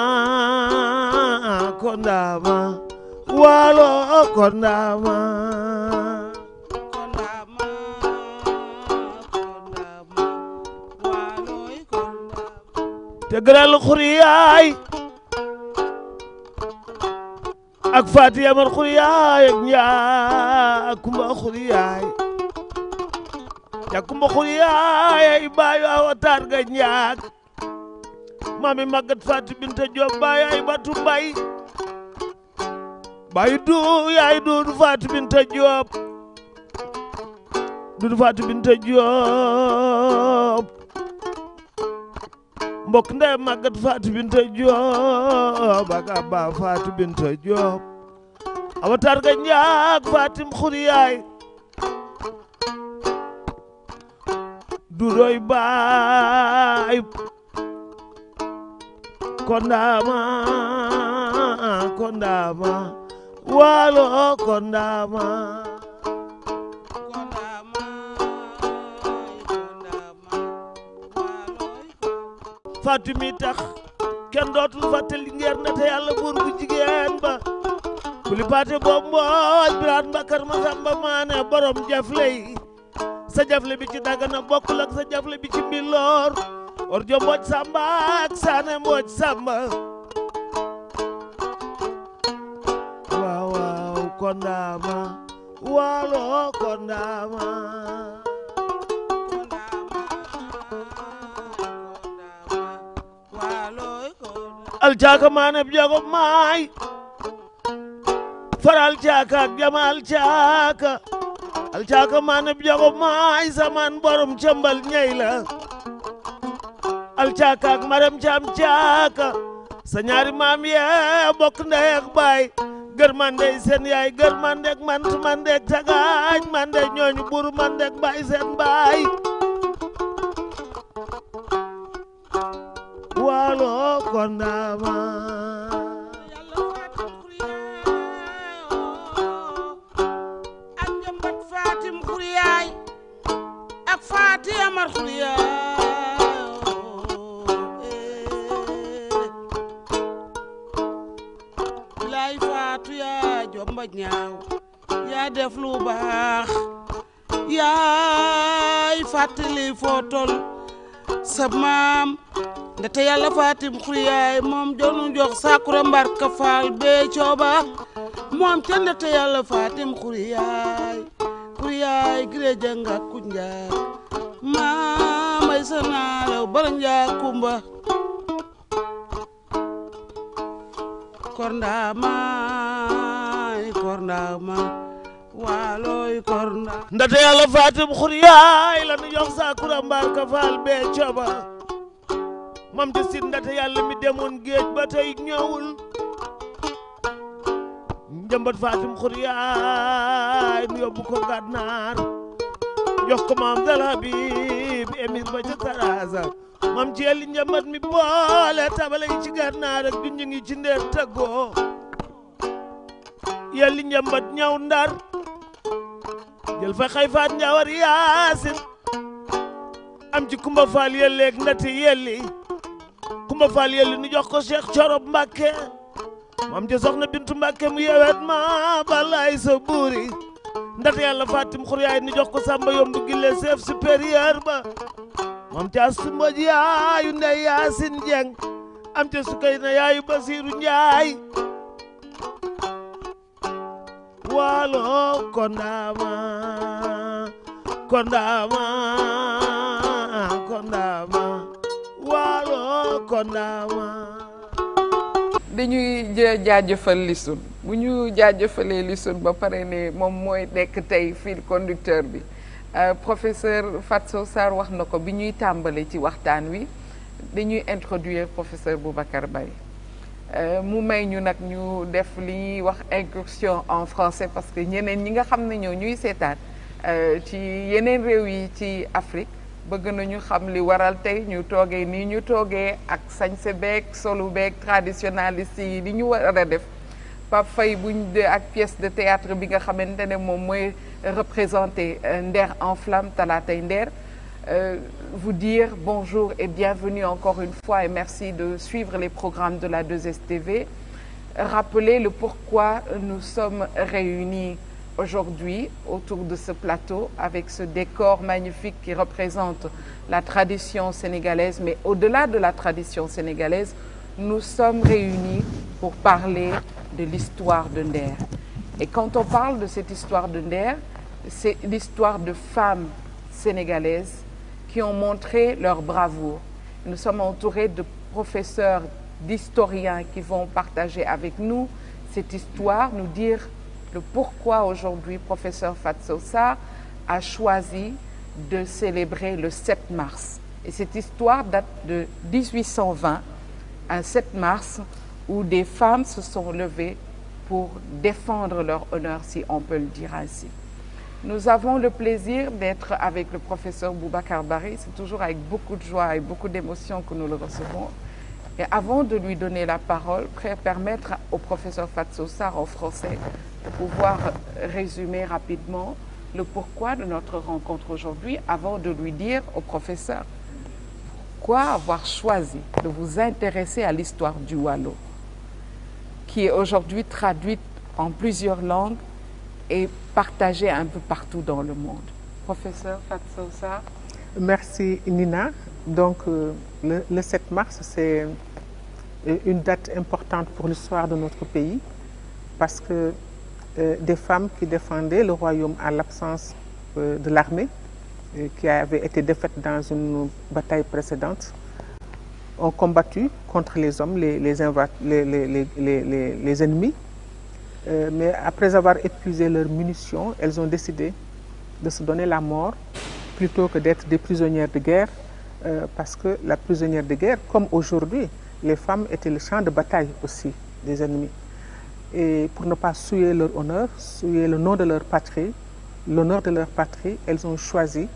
kondama waalo kondama tegalal xuriyaay ak Faati Amar xuriyaay ak Njaay ak Kumba xuriyaay ja Kumba xuriyaay ay baayu awa taar ga njaak maami màggat Faati Binta Joob baayu ay batu mbay baayu du yaay duudu Faati Binta Joob duudu Faati Binta Joob mbokk ndey màggat Fatou Binta Diop ak Abba Fatou Binta Diop awa targa njaag Fatim Xuriyaay du doy baay kondaama kondaama waalo kondaama Fatou mi tax kenn dootul fàttali ngeer na te yàlla buur bu jigéen ba kuli paate boobu mbooj biraan mbakar ma samba maane borom jafle yi sa jafle bi ci dagana bokkul ak sa jafle bi ci mbiloor orjo mbooj samba ak saane mbooj samba waaw kondaama waalo kondaama alcaaka maanab jagob maay far alcaaka ak jama alcaaka alcaaka maanab jagob maay samaan borom cambal ñey la alcaaka ak maram caam caaka sa ñaari maam yee bokk ndey ak baay gërmandey seen yaay gërmandek mant mandek tagaaj mandek ñooñu buru mandek baay seen baay walo gondama fatim xuryaay ak fati amar xuryaay lay fatu yaa jomba ñaaw yaa def lu baax yaay fàttali foo tol sa maam ndete yàlla fatim xuriyaay moom jonu jox sakura mbarka faal bee cooba moom te ndete yàlla fatim xuriyaay xuriyaay gireja nga ku njaag maamay sa naalaw kumba korndaa maay korndaa maay waalooy korndaa ndete yàlla fatim nu jox sakura mbarka faal bee cooba mam te sit ndata yàlla mi demoon géej ba tey ñëwul njëmbat fatim xuryaay mu yóbbu ko gànnaar jox dal habib émir ba ca tarasa mam ci yàlli njëmbat mi boole tabale ci gànnaar ak junj ci ndeer tëggoo yàlli njëmbat ñëw ndar jël fa xayfaat njawar yaasin am ci kumba faal yelleeg ndati yelli ma faal yelli nu jox ko Cheikh Corob Mbàkke mam ja soxna Bintu Mbàkke mu yewet ma balaay sa buuri ndata yàlla Fatim Xuryaay nu jox ko Samba Yomb Gille chef supérieur ba mam ca sumboj yaayu ndey Yaasin Jeng am ca Sukayna yaayu Basiiru Njaay waalo kondaama kondaama kondaama dañuy jaajëfal Lisoun bu ñu jaajëfalee Lisoun ba pare ne moom mooy nekk tey fil conducteur bi euh, professeur Fatou Sarr wax na ko bi ñuy tàmbale ci waxtaan wi dañuy introduire professeur Boubacar Baye euh, mu may ñu nag ñu def li ñuy wax incursion en français parce que ñeneen ñi nga xam ne ñoo ñuy seetaan euh, ci yeneen réew yi ci Afrique bëgg nañu xam li waral tey ñu toogee nii ñu toogee ak sañse beeg solu beeg traditionnaliste yi li ñu war a def Pape Faye buñ de ak pièce de théâtre bi nga xamante ne moom mooy représenter euh, Nder en flamme talaatay Nder euh, vous dire bonjour et bienvenue encore une fois et merci de suivre les programmes de la 2STV rappeler le pourquoi nous sommes réunis aujourd'hui autour de ce plateau avec ce décor magnifique qui représente la tradition sénégalaise. Mais au-delà de la tradition sénégalaise, nous sommes réunis pour parler de l'histoire de Nder. Et quand on parle de cette histoire de Nder, c'est l'histoire de femmes sénégalaises qui ont montré leur bravoure. Nous sommes entourés de professeurs, d'historiens qui vont partager avec nous cette histoire, nous dire de pourquoi aujourd'hui professeur Fatou Sow a choisi de célébrer le 7 mars. Et cette histoire date de 1820, un 7 mars où des femmes se sont levées pour défendre leur honneur, si on peut le dire ainsi. Nous avons le plaisir d'être avec le professeur Boubacar Barry. C'est toujours avec beaucoup de joie et beaucoup d'émotion que nous le recevons. Et avant de lui donner la parole, permettre au professeur Fatsoussar en français pouvoir résumer rapidement le pourquoi de notre rencontre aujourd'hui avant de lui dire au professeur pourquoi avoir choisi de vous intéresser à l'histoire du Walo, qui est aujourd'hui traduite en plusieurs langues et partagée un peu partout dans le monde. Professeur Fatsosa. Nina. Donc euh, le, mars, c'est euh, une date importante pour l'histoire de notre pays parce que Euh, des femmes qui défendaient le royaume à l'absence euh, de l'armée euh, qui avait été défaite dans une bataille précédente ont combattu contre les hommes, les, les, les, les ennemis. Euh, mais après avoir épuisé leurs munitions, elles ont décidé de se donner la mort plutôt que d'être des prisonnières de guerre, euh, parce que la prisonnière de guerre, comme aujourd'hui, les femmes étaient le champ de bataille aussi des ennemis. et pour ne pas souiller leur honneur, souiller le nom de leur patrie, l'honneur de leur patrie, elles ont choisi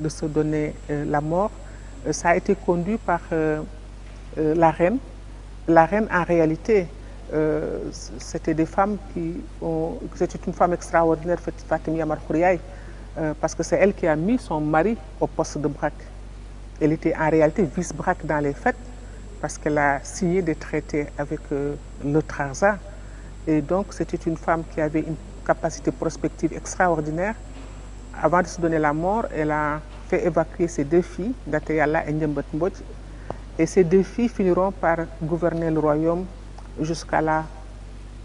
de se donner euh, la mort. Euh, ça a été conduit par euh, euh la reine. La reine, en réalité, euh, c'était des femmes qui ont... C'était une femme extraordinaire, Fatimia Markouriaï, euh, parce que c'est elle qui a mis son mari au poste de braque. Elle était en réalité vice-braque dans les fêtes, parce qu'elle a signé des traités avec le Trarza, Et donc, c'était une femme qui avait une capacité prospective extraordinaire. Avant de se donner la mort, elle a fait évacuer ses deux filles, Dateyala et Et ces deux finiront par gouverner le royaume jusqu'à la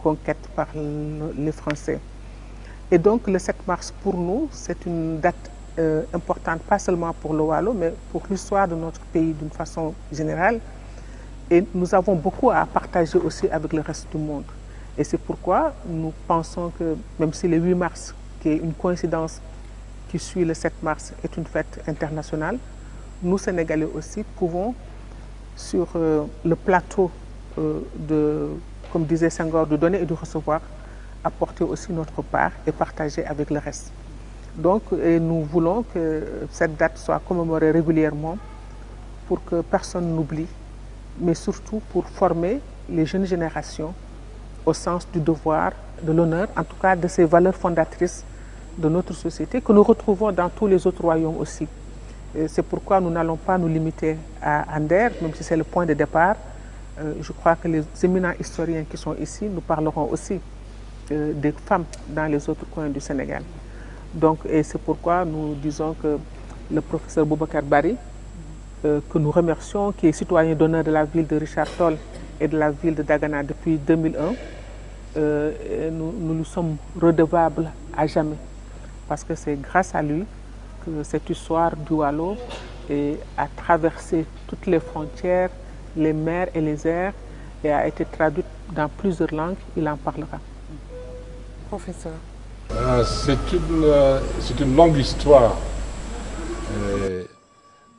conquête par les Français. Et le 7 mars, pour nous, c'est une date euh, importante, pas seulement pour le Wallo, mais pour l'histoire de notre pays d'une façon générale. Et nous avons beaucoup à partager aussi avec le reste du monde. Et c'est pourquoi nous pensons que même si le 8 mars, qui est une coïncidence qui suit le 7 mars, est une fête internationale, nous Sénégalais aussi pouvons, sur euh, le plateau euh, de, comme disait Senghor, de donner et de recevoir, apporter aussi notre part et partager avec le reste. Donc, et nous voulons que cette date soit commémorée régulièrement pour que personne n'oublie, mais surtout pour former les jeunes générations au sens du de l'honneur, en tout cas de ces valeurs fondatrices de notre société que nous retrouvons dans tous les autres royaumes aussi. C'est pourquoi nous n'allons pas nous limiter à Ander, même si c'est le point de départ. Euh, je crois que les éminents historiens qui sont ici nous parleront aussi euh, des femmes dans les autres coins du Sénégal. Donc, et c'est pourquoi nous disons que le professeur Boubacar Bari, euh, que nous remercions, qui est citoyen d'honneur de la ville de Richard Toll et de la ville de euh, nous, nous, nous sommes redevables à jamais. Parce que c'est grâce à lui que cette histoire du Wallo a traversé toutes les frontières, les mers et les airs et a été traduite dans plusieurs langues. Il en parlera. Professeur. Ah, c'est une, euh, une, longue histoire. Et euh,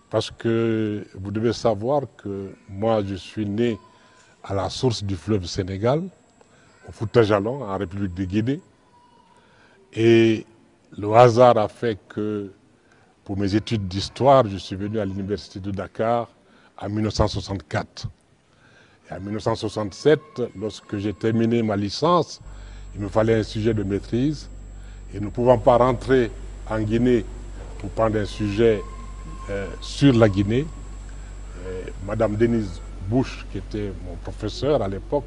parce que vous devez savoir que moi, je suis né à la source du fleuve Sénégal. au Fouta-Jalon, en République de Guinée. Et le hasard a fait que, pour mes études d'histoire, je suis venu à l'université de Dakar en en lorsque j'ai terminé ma licence, il me fallait un sujet de maîtrise. Et ne pouvant pas rentrer en Guinée pour prendre un sujet euh, sur la Guinée, euh, Madame Denise Bush, qui était mon professeur à l'époque,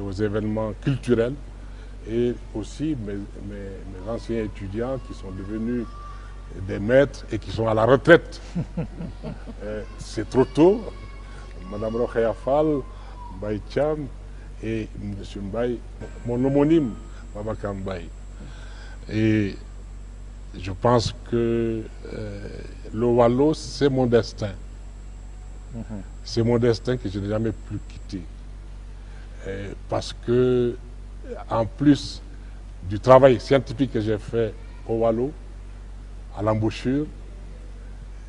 et aux événements culturels et aussi mes, mes, mes anciens étudiants qui sont devenus des maîtres et qui sont à la retraite. *laughs* Euh, c'est trop tôt. Madame Rokhaya Fall, Mbaye Thiam et Monsieur Mbaye, mon homonyme, Babacar Mbaye. Et je pense que euh, le Wallo, c'est mon destin. Mm -hmm. C'est mon destin que je n'ai jamais plus quitté. parce que en plus du travail scientifique que j'ai fait au Wallo, à l'embouchure,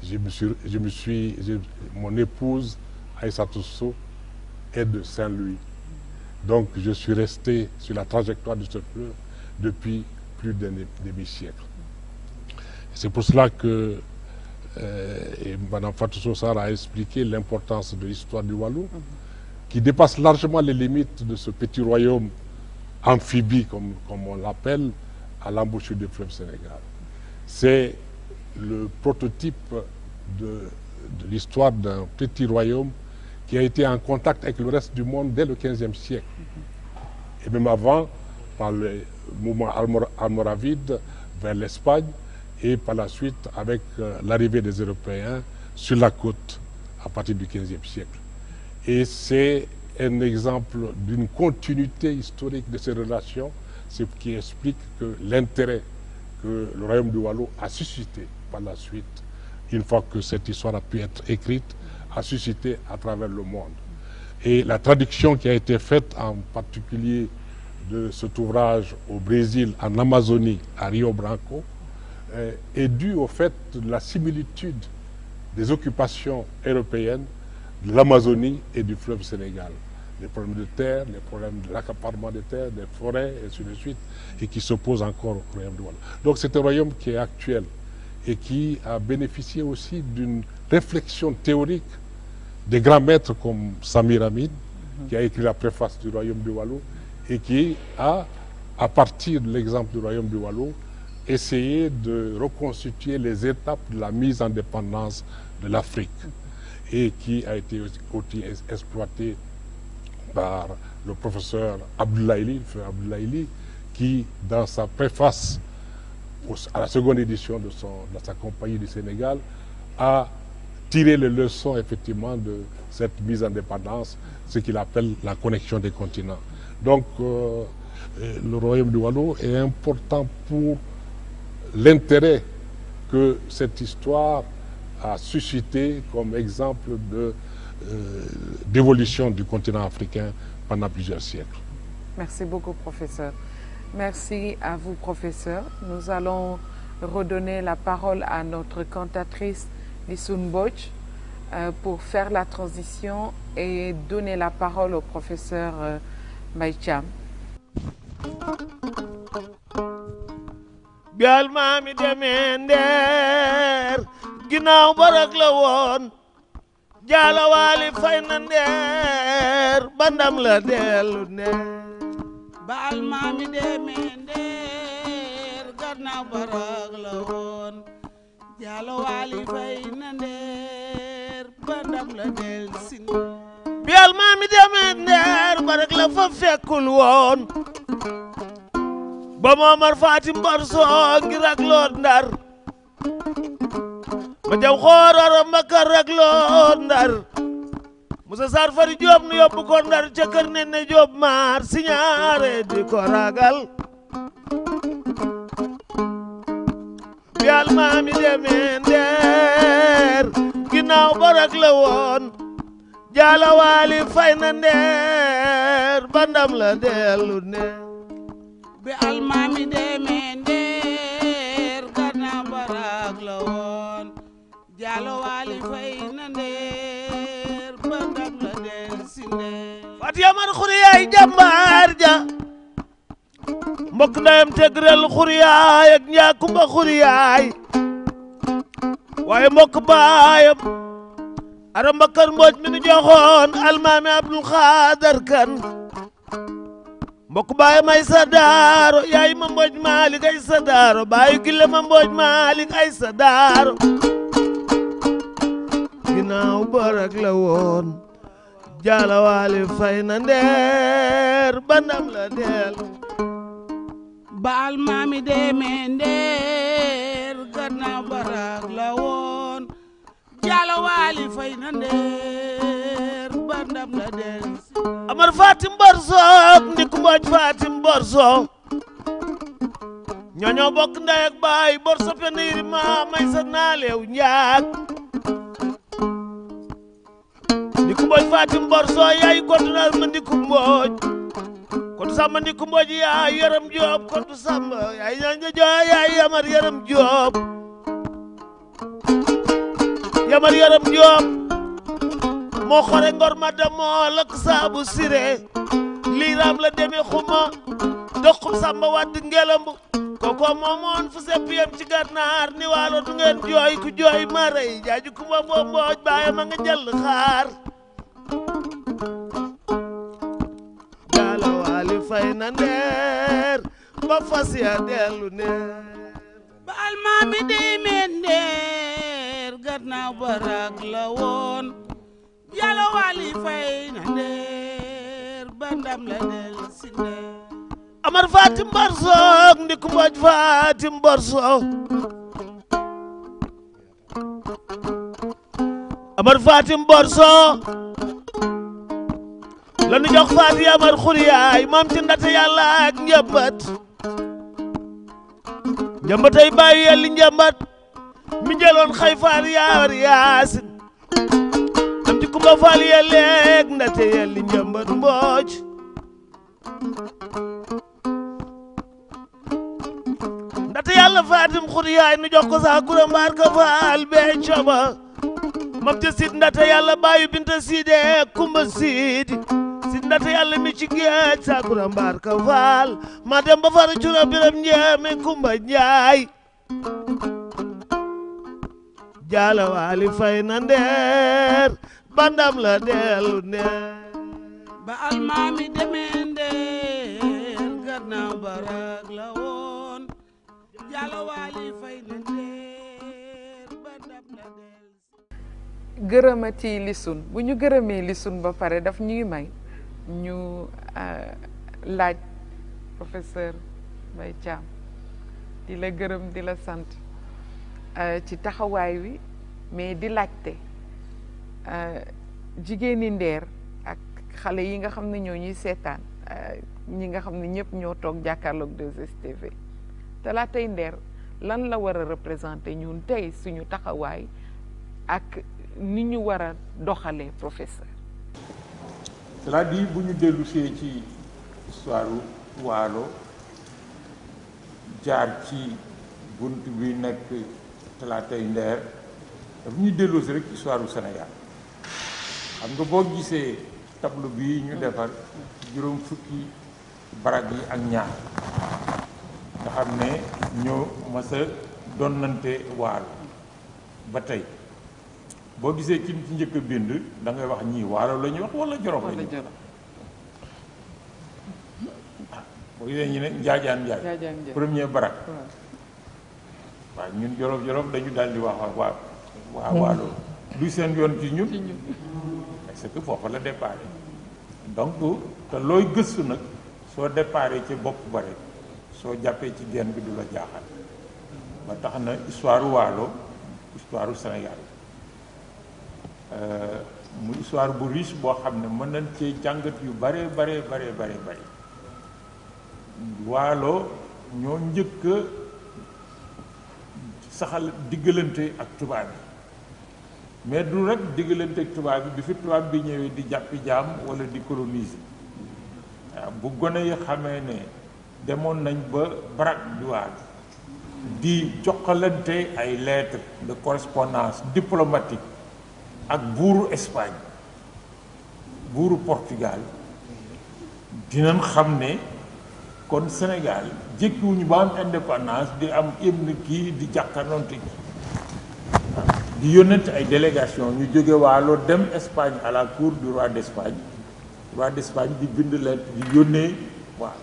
je me suis, je me suis je, mon épouse Aïssa Tousso est de Saint-Louis. Donc je suis resté sur la trajectoire du fleuve depuis plus d'un demi-siècle. C'est pour cela que euh, et Mme Fatou Sossar a expliqué l'importance de l'histoire du Wallou. Mm -hmm. qui dépasse largement les limites de ce petit royaume amphibie, comme, comme on l'appelle, à l'embouchure du fleuve Sénégal. C'est le prototype de, de l'histoire d'un petit royaume qui a été en contact avec le reste du monde dès le 15e siècle. Et même avant, par le mouvement almoravide vers l'Espagne et par la suite avec euh, l'arrivée des Européens sur la côte à partir du 15e Et c'est un exemple d'une continuité historique de ces relations, ce qui explique que l'intérêt que le royaume du Wallo a suscité par la suite, une fois que cette histoire a pu être écrite, a suscité à travers le monde. Et la traduction qui a été faite en particulier de cet ouvrage au Brésil, en Amazonie, à Rio Branco, euh, est due au fait de la similitude des occupations européennes de l'Amazonie et du fleuve Sénégal. Des problèmes de terre, des problèmes de l'accaparement des terres, des forêts, et ainsi de suite, et qui s'opposent encore au royaume de Wallon. Donc c'est un royaume qui est actuel et qui a bénéficié aussi d'une réflexion théorique des grands maîtres comme Samir Amin, mm -hmm. qui a écrit la préface du royaume du Wallon, à partir de l'exemple du royaume du Wallon, essayé de reconstituer les étapes de la mise en dépendance de l'Afrique. et qui a été aussi exploité par le professeur Abdoulaye Abdoulaye qui, dans sa préface à la seconde édition de, son, de sa compagnie du Sénégal, a tiré les leçons effectivement de cette mise en dépendance, ce qu'il appelle la connexion des continents. Donc, euh, le royaume du Wallo est important pour l'intérêt que cette histoire à susciter comme exemple de euh, d'évolution du continent africain pendant plusieurs siècles. Merci beaucoup, professeur. Merci à vous, professeur. Nous allons redonner la parole à notre cantatrice Lissoun Botch euh, pour faire la transition et donner la parole au professeur euh, Maïcham. ginnaaw barak la woon bi al maami demee ndeer barak la fa fekkul woon ba moomar fatim barso ngir ak loot ndar ma jaw xoor waroon ma kër rek loo ndar Musa Sarr Fari Diop nu yóbbu ko ndar ca kër ne ne maar si ñaare di ragal yàlla maa mi demee ndeer ginnaaw ba rek la woon jaala fay na ndeer ba ndam la dellu ne yàlla waali xuriyaay jàmbaar ja mbokk ndayam tegral xuriyaay ak xuriyaay waaye mbokk baayam ara mbakkar mi nu joxoon almaami abdul xaadar kan mbokk baay may sa daaro ma mbooj maalik ay sa daaro baayu ma mbooj maalik ay sa ginnaaw barak la woon jaalawaali fay na ndeer la deel baal maami demee ndeer gannaaw barak la woon jaalawaali fay na ndeer la deel amar fatim borso ndik mbooj fatim borso ñooñoo bokk ndey baay borso peniri ma may sa naaleew njaag ndiku mbooj fatim borso yaay gortunaar ma ndiku mbooj kotu samba ndiku mbooj yaay yaram joob kotu samba yaay ñaan joob yaay yamar yaram joob yamar yaram joob moo xore ngor ma damoo lakk saabu sire lii la demee xuma doxum samba wadd ngelambu koko moomoon fu sepp yem ci gànnaar ni waalo du ngeen jooy ku jooy ma rey jaaju ku ma mbooj bàyyi ma xaar gaala waali fay na ndeer ba fas ya dellu ndeer ba almaami dey meen ndeer gannaaw baraag la woon yàlla waali fay na ndeer ba ndam la dellu si ndeer amar fatim borsoog ndik mboj fatim borsoog amar fatim borsoog lanu jox faatu yamar xuriyaay moom ci ndata yàlla ak njëmbat njëmbatay bàyyi yàlli njëmbat mi njëloon xay faatu yamar yaasin am ci kumba faal yelleeg ndate yàlli njëmbat mbooj ndata yàlla faatim xuriyaay nu jox ko saa kura mbaar ka faal bee coba moom ca siit ndata yàlla bàyyi binta siidee kumba siidi si ndata yàlla mi ci géej saakura mbaar ka faal ma dem ba fara cura biram njeeme kumba njaay jaala waali fay na ndeer bandam la dellu ndeer ba almaami demee ndeer gannaaw barak la woon jaala waali fay na ndeer bandam la dellu gërëmati lisun bu ñu gërëmee lisun ba pare daf ñuy may ñu euh, laaj professeur Mbaye Thiam di la gërëm di la sant euh, ci taxawaay wi mais di laajte euh, jigéeni Nder ak xale yi nga xam ne ñoo ñuy seetaan ñi nga xam ne ñëpp ñoo toog jàkkaarloog 2STV Talatay Nder lan la war a représenter ñun tey suñu taxawaay ak ni ñu war a doxalee professeur cest à bu ñu dellusee ci histoire waalo jaar ci bunt bi nekk talaatay ndeer daf ñuy dellusi rek histoire Sénégal xam nga boo gisee tableau bi ñu defar juróom fukki barab yi ak ñaar nga xam ne ñoo mas a donnante waalo ba tey boo gisee kim ci njëkk bind dangay wax ñii waalo la wax wala jorof la ñuy wax boo gisee ñu ne dañu daal di wax waa waa waalo du seen yoon ci ñun parce que foofu la départ donc te looy gëstu nag soo départ ci bopp ba rek soo jàppee ci gen bi du la jaaxal ba tax na histoire waalo histoire Sénégal Euh, mu histoire bu riche boo xam ne mën nañ cee jàngat yu bare bare bare bare bare waalo ñoo njëkk saxal diggalante ak tubaab bi mais du rek diggalante ak tubaab bi bi fi tubaab bi ñëwee di jàppi jàmm wala di coloniser waaw ah, bu gone yi xamee ne demoon nañ ba barak duwaat di joxalante ay lettres de correspondance diplomatique ak buuru Espagne buuru Portugal dinañ xam ne kon Sénégal jékkiwuñu ba am indépendance di am hymne kii di jàkkaarlante gi di yónnent ay délégation ñu jóge waalo dem Espagne à la cour du roi d'Espagne roi d'Espagne di bind lettre di yónnee waaw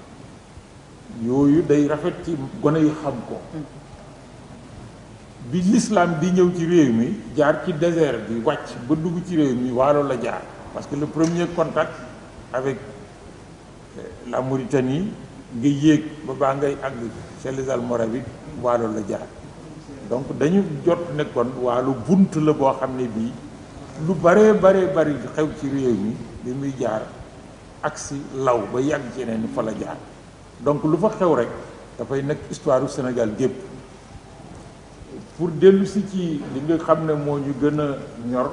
yooyu day rafet ci gone yi xam ko bi l'islam di ñëw ci réew mi jaar ci désert bi wàcc ba dugg ci réew mi waalo la jaar parce que le premier contact avec euh, la Mauritanie nga yéeg ba ngay àgg chez les Almoravides waalo la jaar donc dañu jot nekkoon waalo bunt la boo xam ne bii lu baree bare bari xew ci réew mi li muy jaar ak si law ba yàgg ci yeneen fa la jaar donc lu fa xew rek dafay nekk histoire du Sénégal gépp pour dellusi ci li nga xam ne moo ñu gën a ñor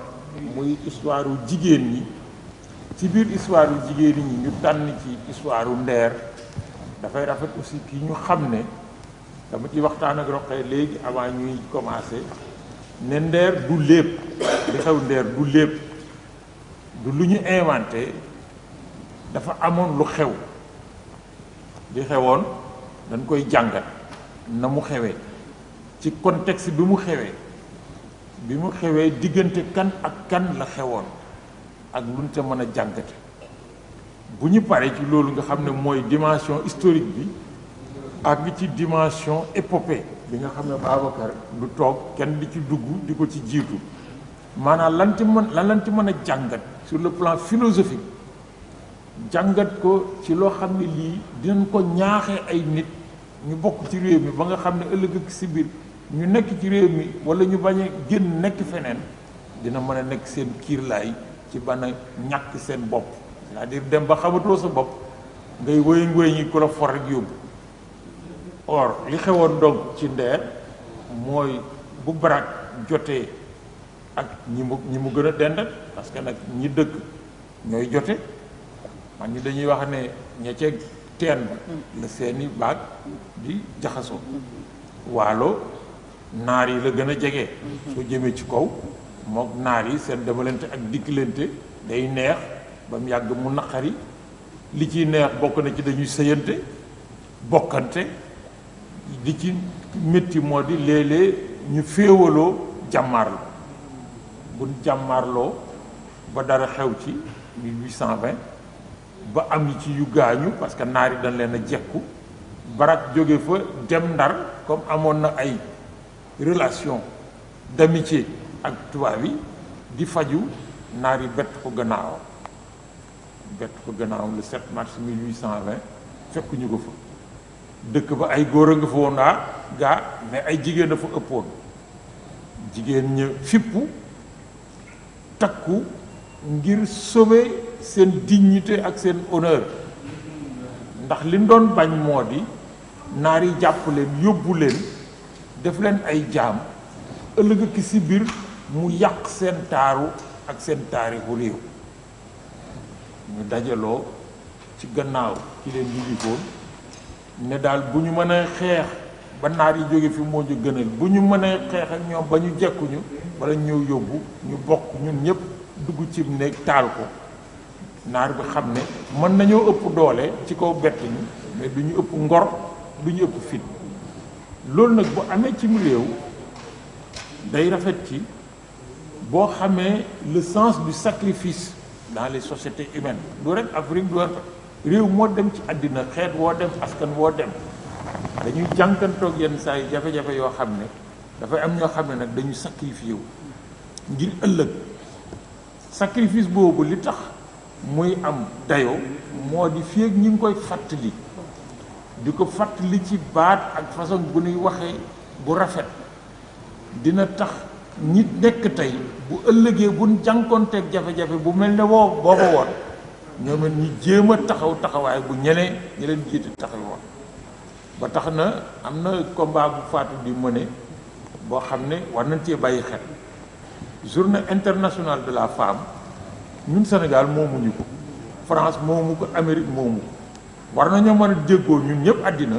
muy histoire u jigéen ñi ci biir histoire u jigéen ñi ñu tànn ci histoire u Nder dafay rafet aussi kii ñu xam ne dama ci waxtaan ak roqee léegi avant ñuy commencer ne Nder du lépp li xew Nder du lépp du lu ñu inventé dafa amoon lu xew di xewoon dañ koy jàngat na mu xewee ci contexte bi mu xewee bi mu xewee diggante kan ak kan la xewoon ak luñ te mën a jàngate bu ñu paree ci loolu nga xam ne mooy dimension historique bi ak ci dimension épopée bi nga xam ne Babacar lu toog kenn di ci dugg di ko ci jiitu maanaam lan ci mën lan lan ci mën a jàngat sur le plan philosophique jàngat ko ci loo xam ne lii dinañ ko ñaaxee ay nit ñu bokk ci réew mi ba nga xam ne ëllëg ak si ñu nekk ci réew mi walla ñu bañ a génn nekk feneen dina mën a nekk seen kiirlaay ci ban a ñàkk seen bopp cest à dem ba xamatoo sa bopp ngay wéy ngooy ñi ku la for yóbbu or li xewoon donc ci ndeer mooy bu barak jotee ak ñi mu ñi mu gën a dendal parce que nag ñi dëkk ñooy jote man ñi dañuy wax ne ña ceeg teen ba la seeni baag di jaxasoo waalo naar yi la gën a jege. soo jëmee ci kaw mook naar yi seen demalante ak dikkilante day neex ba mu yàgg mu naqari li ciy neex bokk na ci dañuy sëyante bokkante li ci métti moo di léeg ñu féewaloo jàmmaarloo bu jàmmaarloo ba dara xew ci 1820 ba am yi ci yu gaañu parce que naar yi dañ leen a jekku barak jóge fa dem ndar comme amoon na ay relation d'amitié ak tubaab yi di faju naar yi bett ko gannaaw bett ko gannaaw le 7 mars fekkuñu ko fa dëkk ba ay góor a nga fa woon aa ah, gaa mais ay jigéen a fa ëppoon jigéen ña fippu takku ngir sauver seen dignité ak seen honneur ndax li doon bañ moo di naar yi jàpp leen yóbbu leen def leen ay jaam ëllëg a ki si biir mu yàq seen taaru ak seen taari réew ñu dajaloo ci gannaaw ci leen yilifoon ne daal bu ñu mën a xeex ba naar yi jóge fi moo ñu gënal bu ñu mën a xeex ak ñoom ba ñu jekkuñu walla ñëw yóbbu ñu bokk ñun ñëpp dugg cib néeg taal ko naar bi xam ne mën nañoo ëpp doole ci kaw bett ñi mais du ñu ëpp ngor du ñu ëpp fit loolu nag bu amee ci mu réew day rafet ci boo xamee le sens du sacrifice dans les sociétés humaines du rek Afrique du réew moo dem ci àddina xeet woo dem askan woo dem dañuy jànkantoog yenn saa yi jafe-jafe yoo xam ne dafay am ñoo xam ne nag dañu sacrifié wu ngir ëllëg sacrifice boobu li tax muy am dayoo moo di fii ak ñi ngi koy fàttali. di ko fàttali ci baat ak façon bu nuy waxee bu rafet dina tax nit nekk tey bu ëllëgee buñ jànkoonteeg jafe-jafe bu mel ne woo booba woon ñoom ñi jéem a taxaw taxawaay bu ñenee ñi leen jiite taxaw woon ba tax na am na combat bu faatu di mëne boo xam ne war nañ cee bàyyi xel journée internationale de la femme ñun Sénégal moomuñu ko France moomu ko Amérique moomu war nañoo mën a déggoo ñun ñëpp àddina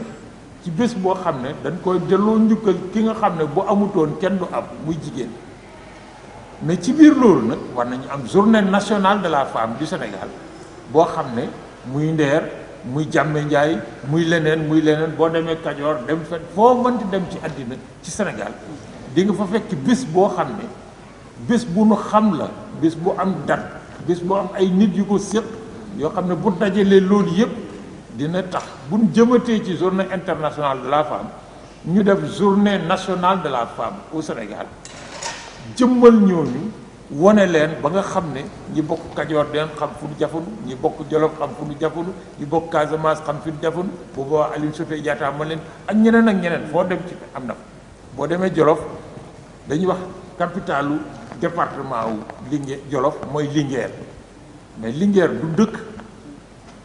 ci bés boo xam ne dañ koy delloo njukkal ki nga xam ne bu amutoon kenn du am muy jigéen mais ci biir loolu nag war nañu am journée nationale de la femme du Sénégal boo xam ne muy Ndeer muy Jàmme Njaay muy leneen muy leneen boo demee Kajoor dem fa foo mënti dem ci àddina ci Sénégal di nga fa fekk bés boo xam ne bés bu nu xam la bés bu am dat bés bu am ay nit yu ko séq yoo xam ne bu dajalee loolu yëpp dina tax bu ñu jëmatee ci journée internationale de la femme ñu def journée nationale de la femme au Sénégal jëmmal ñooñu wone leen ba nga xam ne ñi bokk Kajoor den xam fu ñu ñi bokk Jolof xam fu ñu jafandu ñi bokk Casamance xam fu ñu jafandu bu boobaa Aline Sitoé ma leen ak ñeneen ak ñeneen foo dem ci am na fa boo demee Jolof dañuy wax capitalu département wu Linguère Jolof mooy Linguère mais Linguère du dëkk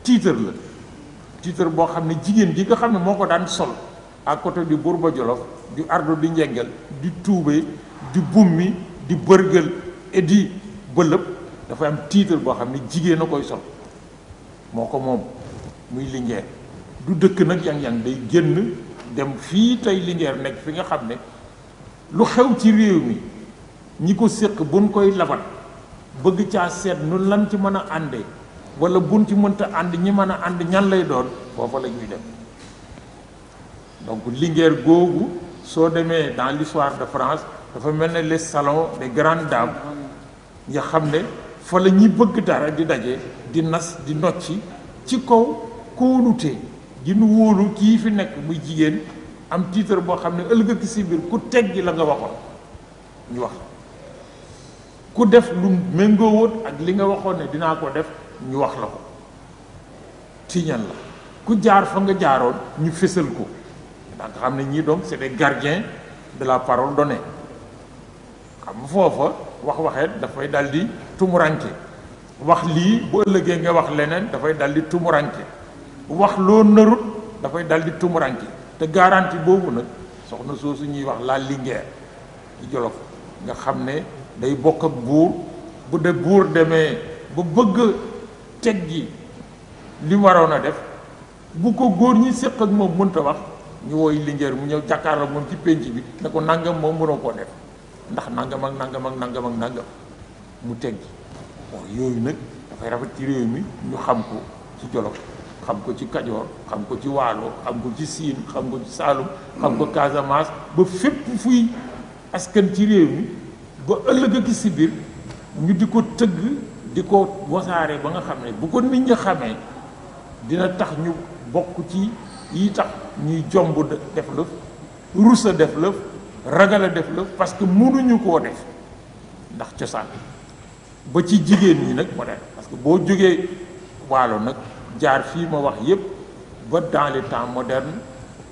titre la titre boo xam ne jigéen ji nga xam ne moo ko daan sol à côté du Bourba Jolof di ardo di njeggal di tuube di bummi di bërgël et di bëlëb dafa am titre boo xam ne jigéen a koy sol moo ko moom muy Linguère du dëkk nag yang-yang day génn dem fii tey Linguère nekk fi nga xam ne lu xew ci réew mi ñi ko séq buñ koy labat bëgg caa seet nu lan ci mën a àndee wala buñ ci mënta ànd ñi mën a ànd ñan lay doon foofa la ñuy dem donc Linguère googu soo demee dans l'histoire de France dafa mel ne les salons des grandes dames nga xam ne fa la ñuy bëgg dara di daje di nas di nocci ci ci kaw kóolute gi nu wóolu kii fi nekk muy jigéen am titre boo xam ne ëllëg si sibir ku teggi la nga waxoon ñu wax ku def lu méngoowoot ak li nga waxoon ne dinaa ko def ñu wax la ko tiiñan la ku jaar fa nga jaaroon ñu fésal ko ndax nga xam ne ñii doom c'est des gardiens de la parole donnée xam nga foofa wax waxeet dafay dal di tumuranke wax lii bu ëllëgee nga wax leneen dafay dal di tumuranke wax loo narut dafay dal di te garanti boobu nag soxna su ñuy wax la Linguère ci Jolof nga xam ne day bokk ak buur bu dee buur demee ba bëgg teggi li waroon a def bu ko góor ñi séq ak moom mënta wax ñu wooy lingeer mu ñëw jàkkaarloo moom ci pénc bi ne ko nangam moom mënoo koo def ndax nangam ak nangam ak nangam ak mu teggi bon yooyu nag dafay rafet ci réew mi ñu xam ko ci Jolof xam ko ci Kajoor xam ko ci Waalo xam ko ci Siin xam ko ci Saalum xam ko Casamance ba fépp fuy askan ci réew mi ba ëllëg ak si biir ñu di ko tëgg di ko wasaare ba nga xam ne bu ko nit ñi xamee dina tax ñu bokk ci yi tax ñuy jomb def lëf rus def lëf ragal def lëf parce que mënuñu koo def ndax cosaan ba ci jigéen ñi nag moo def parce que boo jógee waalo nag jaar fii ma wax yépp ba dans le temps moderne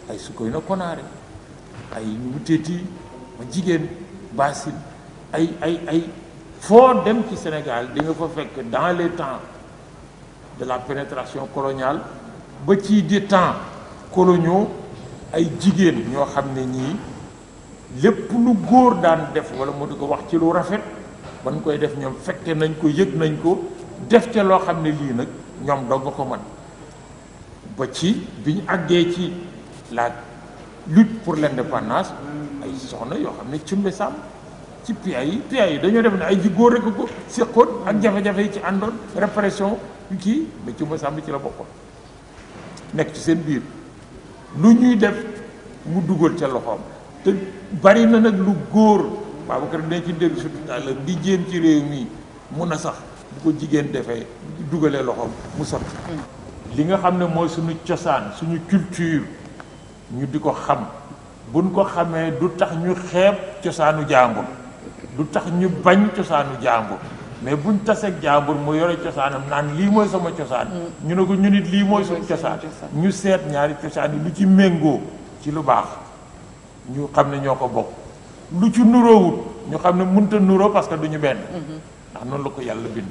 ay Sukeyna Konaare ay ñu mu téeti ma jigéen baasin ay ay ay foo dem ci Sénégal di nga ko fekk dans les temps de la pénétration coloniale ba ci di temps coloniaux ay jigéen ñoo xam ne ñii lépp lu góor daan def wala mu di ko wax ci lu rafet ba ñu koy def ñoom fekke nañ ko yëg nañ ko def ca loo xam ne lii nag ñoom dogg ko man ba ci bi ñu àggee ci la lutte pour l'indépendance ay soxna yoo xam ne cumbe sàmm ci PIA yi yi dañoo def ne ay ji góor rek ko séqoon ak jafe-jafe yi ci àndoon répression kii ba ci Masamba ci la bokkoon nekk ci seen biir lu ñuy def mu dugal ca loxoom te bari na nag lu góor Babacar dinañ ci dégg surtout daal di jéem ci réew mi mun a sax bu ko jigéen defee dugalee loxoom mu sax li nga xam ne mooy suñu cosaan suñu culture ñu di ko xam buñ ko xamee du tax ñu xeeb cosaanu jàmbur lu tax ñu bañ cosaanu jàmbur mais buñ taseeg jàmbur mu yore cosaanam naan lii mooy sama cosaan mm. ñu ne ko ñu nit lii mooy suñu cosaan ñu seet ñaari cosaan yi lu ci méngoo ci lu baax ñu xam ne ñoo ko bokk lu ci nuroowut ñu xam ne mënta nuroo parce que du ñu benn mm-hmm. ndax noonu la ko yàlla bind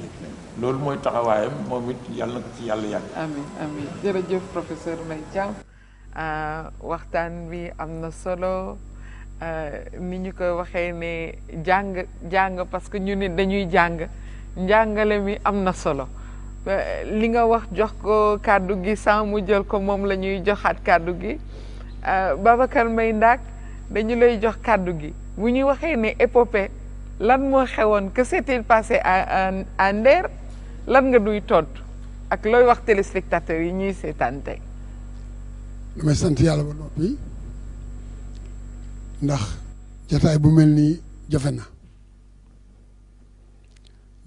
loolu mooy taxawaayam moom it yàlla na ko ci yàlla yàgg amiin amiin jërëjëf professeur Mbaye Thiam ah, waxtaan bi am na solo ni euh, ñu koy waxee ne jàng jàng parce que ñu ne dañuy jàng njàngale mi am na solo li nga wax jox ko kàddu gi sans mu jël ko moom la ñuy joxaat kàddu gi euh, Babacar may Ndaak dañu lay jox kàddu gi bu ñuy waxee ne épopée lan moo xewoon que s'est-il passé à à Nder lan nga duy tontu ak looy wax téléspectateurs yi ñuy seetaan tey damay sant ndax jataay bu mel nii jafe na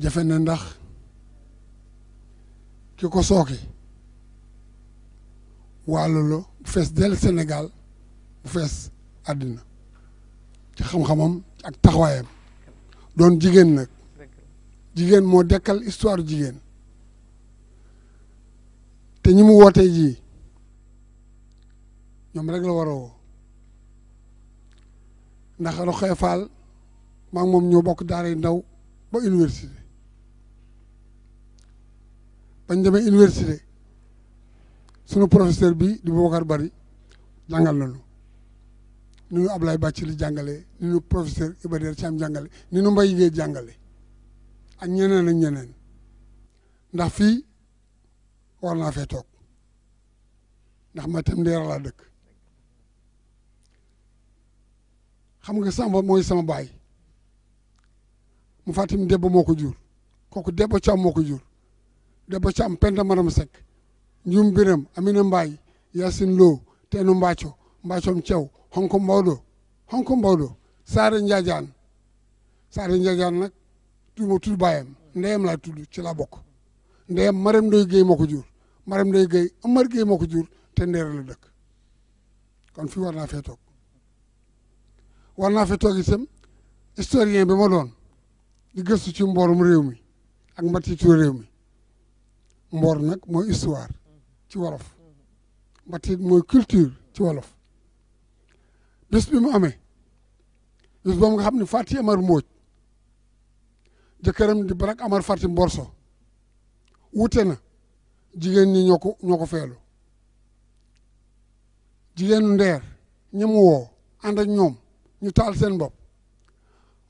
jafe na ndax ki ko sooke wàllu la bu fees del Sénégal bu fees àddina ci xam-xamam ak taxawaayam doon jigéen nag jigéen moo dekkal histoire jigéen te ñi mu wootee jii ñoom rek la war a ndax Rokhaya Fall maa moom ñoo bokk daar yu ndaw ba université bañ demee université sunu professeur bi di Boubacar Bari jàngal nañu ni ñu Ablaye li jàngale ni ñu professeur Iba Der Thiam jàngale ni ñu Mbaye Guèye jàngale ak ñeneen ak ñeneen ndax fii war naa fee toog ndax ma tam leer dëkk xam nga Samba mooy sama baay mu fàttali Demba moo ko jur kooku Demba Thiam moo ko jur Demba Thiam Penda Maram Seck Ndioum Biram Amina Mbaye Yacine Lo Teenu Mbaco Mbacom Thiaw Xonko Mbawdo Xonko Mbawdo Saare Njaajaan Saare Njaajaan nag du ma tudd baayam ndeyam laa tudd ci laa bokk ndeyam Marème Ndoye Guèye moo ko jur Marème Ndoye Guèye Amar Guèye moo ko jur te ndeer la dëkk kon fii war naa fee war naa fi toog itam historien bi ma doon di gëstu ci mboorum réew mi ak mbatiitu réew mi mboor nag mooy histoire ci wolof mbatiit mooy culture ci wolof bis bi mu amee bis boobu nga xam ne Fati Amar Mbodj jëkkëram di Barak Amar Fati Mborso wute na jigéen ñi ñoo ko ñoo ko feelu jigéenu ndeer ñi woo ànd ak ñoom ñu taal seen bopp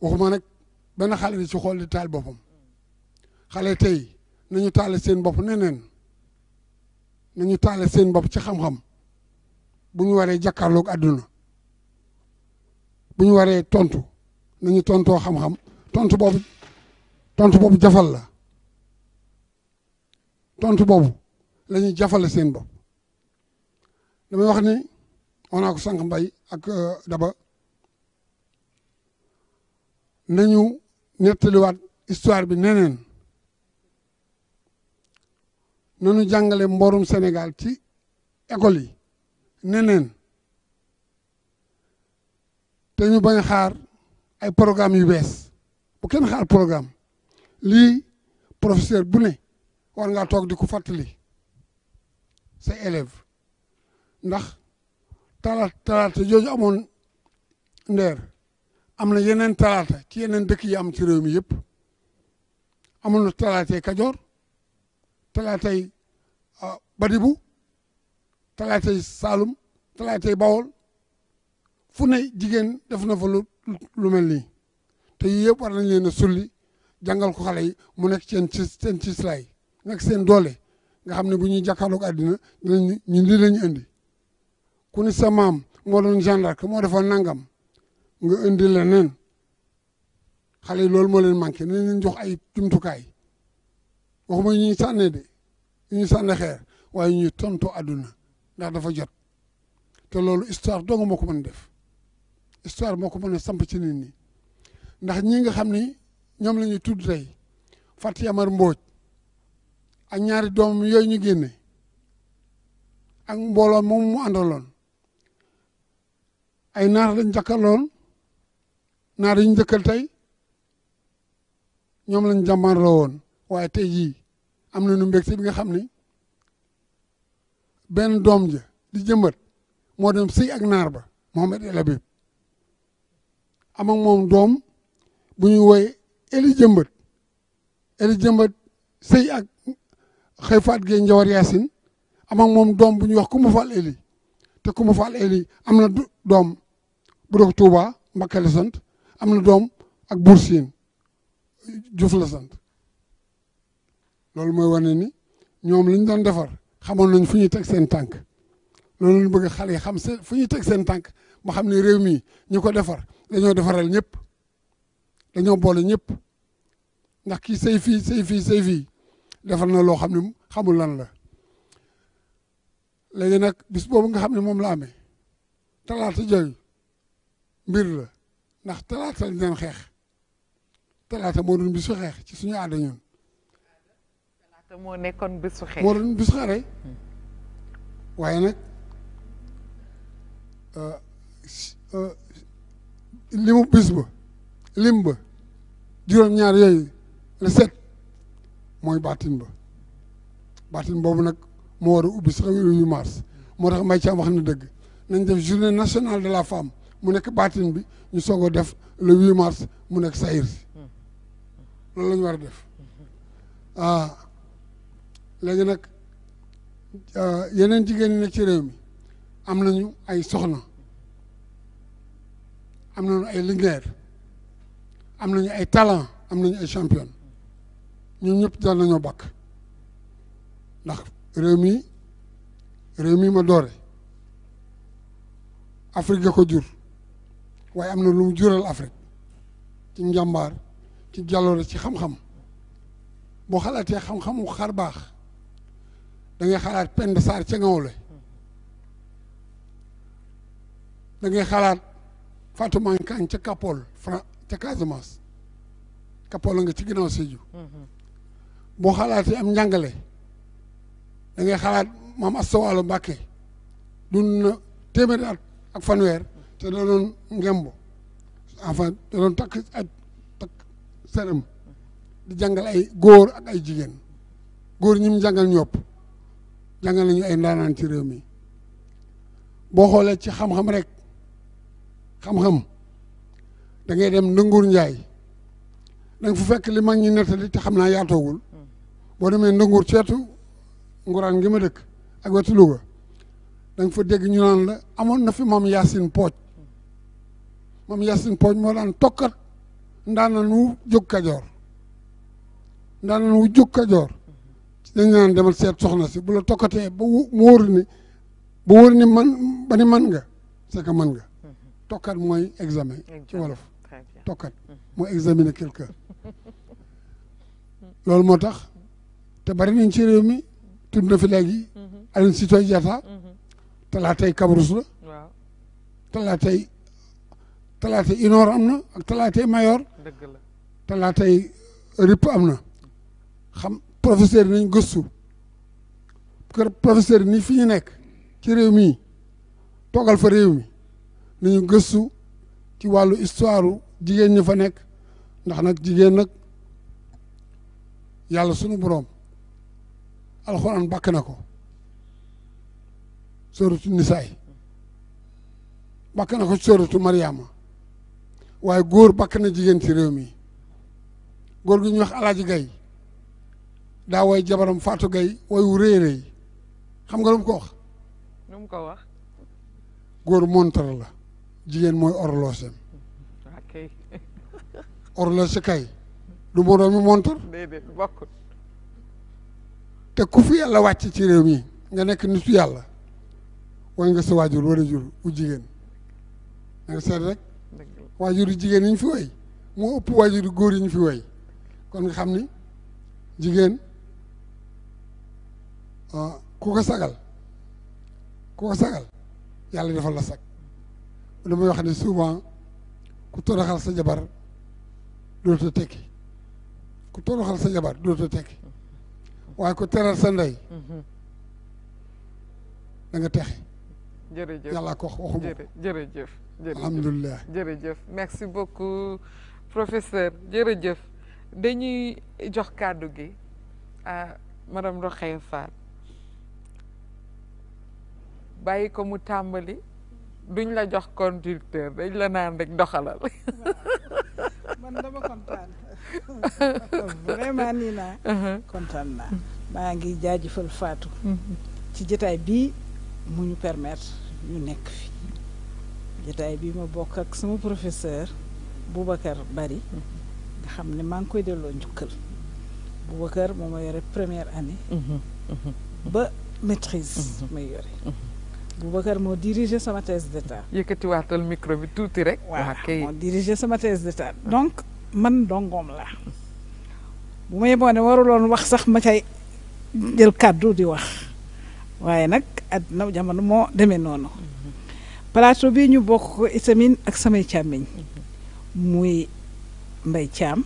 waxuma nag benn xale di ci xool di taal boppam xale tey nañu taale seen bopp neneen nañu taale seen bopp ci xam-xam bu ñu waree jàkkaarloog àdduna bu ñu waree tontu nañu tontoo xam-xam tontu boobu tontu boobu jafal la tontu boobu la ñuy jafale seen bopp damay wax ni on ko sànq mbay ak euh, daba nañu nettaliwaat histoire bi neneen nañu jàngale mborum Sénégal ci école yi neneen te ñu bañ xaar ay programme yu bees bu kenn xaar programme lii professeur bu ne war ngaa toog di ko fàttali say élèves ndax talaata ta jooju amoon ndeer am na yeneen talaata ci yeneen dëkk yi am ci réew mi yëpp amoon na talaatay Kajoor talaatay ah, Badibu talaatay Saalum talaatay Bawol fu ne jigéen def na fa lu mel nii te yëpp war nañ leen a sulli jàngal ko xale yi mu nekk seen ci seen cislaay nekk seen doole nga xam ne bu ñuy jàkkaarloog àddina dinañ ñu lii la ñu indi ku ni sa maam moo doon gendarme moo defoon nangam. nga indi leneen xale yi loolu moo leen manqué nañ leen jox ay jumtukaay waxuma ñu ñu sànnee de ñu ñu sànne xeer waaye ñu tontu àdduna ndax dafa jot te loolu histoire dong moo ko def histoire moo ko mën samp ci nit ñi ndax ñi nga xam ni ñoom la ñuy tudd tey Fatou Yamar Mbodj ak ñaari doom yooyu ñu génne ak mbooloo moom mu àndaloon ay naar lañ jàkkaarloon naar yi ñu tey ñoom lañ jàmmarloo woon waaye te jii am na nañu mbégte bi nga xam ni benn doom ja di jëmbat moo dem sëy ak naar ba Mohamed El Habib am moom doom bu ñuy woy eli jëmbat eli jëmbat sëy ak xëy faat gee njawar yaasin am moom doom bu ñuy wax ku faal eli te ku mu faal eli am na doom bu dox Touba Mbakke la am na doom ak buur siin Juuf la sant loolu mooy wane ni ñoom liñ doon defar xamoon nañ fu ñuy teg seen tànk loolu lañ bëgg xale yi xam se fu ñuy teg seen tànk moo xam ne réew mii ñu ko defar dañoo defaral ñëpp dañoo boole ñëpp ndax kii sëy fii sëy fii sëy defar na loo xam ne xamul lan la léegi nag bis boobu nga xam ne moom la amee talaata jooyu mbir la ndax talaata lañ xeex talaata moo doon bisu xeex ci suñu aada ñun. moo nekkoon bisu xeex moo doon bisu xare waaye nag euh, euh, limu bis ba lim ba juróom-ñaar yooyu le sept mooy baatin ba baatin boobu nag moo war a ubbi sax yu mars moo tax Mbaye Thiam wax na dëgg nañ def journée nationale de la femme mu nekk baatin bi. ñu soog a def le 8 mars mu nekk Sahir si loolu war a def ah léegi nag ah, yeneen jigéen ñi nekk ci réew mi am nañu ay soxna am nañu ay lingeer am nañu ay talent am nañu ay champion ñu ñëpp daan nañoo bàkk ndax réew mi réew mi ma doore Afrique ga ko jur waaye am na lu jural Afrique ci njàmbaar ci jàlloore ci xam-xam boo xalaatee xam-xamu xar baax da ngay xalaat Penda Sarr ca Ngawle da ngay xalaat Fatoumata Kane ca Kapol Fra ca Casamance Kapol nga ci ginnaaw Sédhiou boo xalaatee am njàngale da ngay xalaat maam Asta Mbàkke dund na téeméeri ak fanweer te da ngembo enfin takk ak takk sërëm di jàngal ay góor ak ay jigéen góor ñi mu jàngal ñopp jàngal nañu ay ndaanaan ci réew mi boo xoolee ci xam-xam rek xam-xam da dem ndënguur njaay da nga fu fekk li mag ñi nettali te xam naa yaatoogul boo demee ndënguur ceetu nguraan gi ma dëkk ak wetu Louga da nga fa dégg ñu naan la amoon na fi maam Yaasin Pooj moom Yacine Poñ moo daan tokkat ndaana nu jóg Kajoor ndaana nu jóg Kajoor dañ demal seet soxna si bu la tokkatee ba wóor ni ba ni man ba ni man nga c'est man nga tokkat mooy examen ci wolof tokkat mooy examiner quelqu'un loolu moo tax te bari nañ ci réew mi tudd na fi léegi mhm. Aline Sitoé Diatta mhm. talaatay Kabrous la talaatay talaatay inoor am na ak talaatay mayoor talaatay ripp am na xam professeur nañ gëstu kër professeur yi ni ñu nekk ci réew mii toogal fa réew mi nañu gëstu ci wàllu histoire jigéen ñi fa nekk ndax nag jigéen nag yàlla sunu boroom alxuraan bakk na ko sóoratu nisaay bàkk na ko sorotu mariama waaye góor bakk na jigéen ci réew mi góor gi ñuy wax alaaji gay daa woy jabaram faatu gay woy wu rëy xam nga lu mu ko wax lu mu ko wax góor montar la jigéen mooy orloosem orloose *laughs* kay du moo doomi montar te ku fi yàlla wàcc ci réew mi nga nekk nitu yàlla woy nga sa waajur wala jur u jigéen nga seet rek waajur yu jigéen yi ñu fi woy moo ëpp waajur góor yi ñu fi woy kon nga xam ni jigéen ah, ku ko sagal ku ko sagal yàlla defal la sag lu may wax ne souvent ku toroxal sa jabar dootoo tekki ku toroxal sa jabar dootoo tekki waaye ku teral sa ndey mm-hmm. da nga texe jërëjëf yàlla ko wax waxuma ko jërëjëf alhamdulilah merci beaucoup professeur jërëjëf dañuy jox kàddu gi à madame Rokhaya bàyyi ko mu tàmbali duñ la jox conducteur dañ la naan rek doxalal *laughs* man dama *laughs* uh-huh. kontaan naa maa ngi jaajëfal Fatou mm-hmm. ci jotaay bii mu ñu permettre ñu nekk fi jotaay bi ma bokk ak sama professeur Boubacar Bari nga xam ne maa ngi koy delloo njukkal Boubacar moo ma yore première année mhm, mhm, mhm. ba maîtrise may yore Boubacar moo dirigé sama thèse d'état yëkkatiwaatal micro bi tuuti rek waaw moo dirigé sama thèse d'état ah. donc man dongoom la bu may boo waruloon wax sax ma cay jël kàddu di wax waaye nag àddina jamono moo demee noonu plateau bi ñu bokk ko itamit ak samay càmmiñ muy mbay caam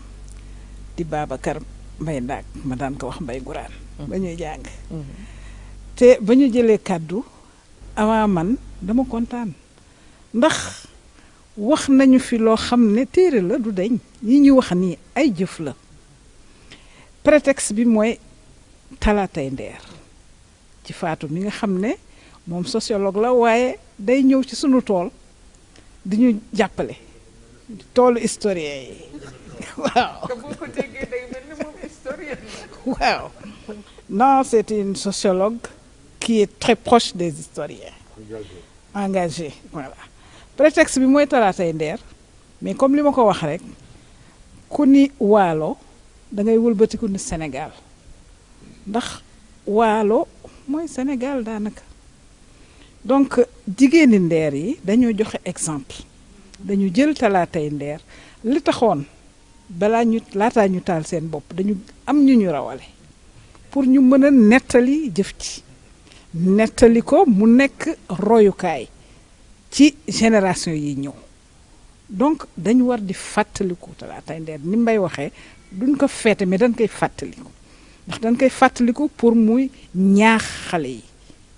di Babacar mbay ndaag ma daan ko wax mbay guraan mm-hmm. ba ñuy jàng mm-hmm. te ba ñu jëlee kàddu avant man dama kontaan ndax wax nañu fi loo xam ne téere la du deñ yi ñuy wax nii ay jëf la prétexte bi mooy talaatay ndeer ci Fatou mi nga xam ne moom sociologue la waaye day ñëw ci suñu tool di ñu jàppale toolu historien yi *laughs* waaw. waaw non c'est une sociologue qui est très proche des historiens. engagée voilà. bi mooy talaatay ndeer mais comme li ma ko wax rek ku ni waalo da ngay wëlbatiku ni Sénégal ndax waalo mooy Sénégal daanaka donc jigéeni ndeer yi dañoo joxe exemple dañu jël talaatay ndeer li taxoon balaa ñu laataa ñu taal seen bopp dañu am ñu ñu rawale pour ñu mën a nettali jëf ci nettali ko mu nekk royukaay ci génération yi ñëw donc dañu war di fàttaliku talaatay ndeer ni mbay waxee duñ ko feete mais dañ koy fàttaliku ndax dañ koy fàttaliku pour muy ñaax xale yi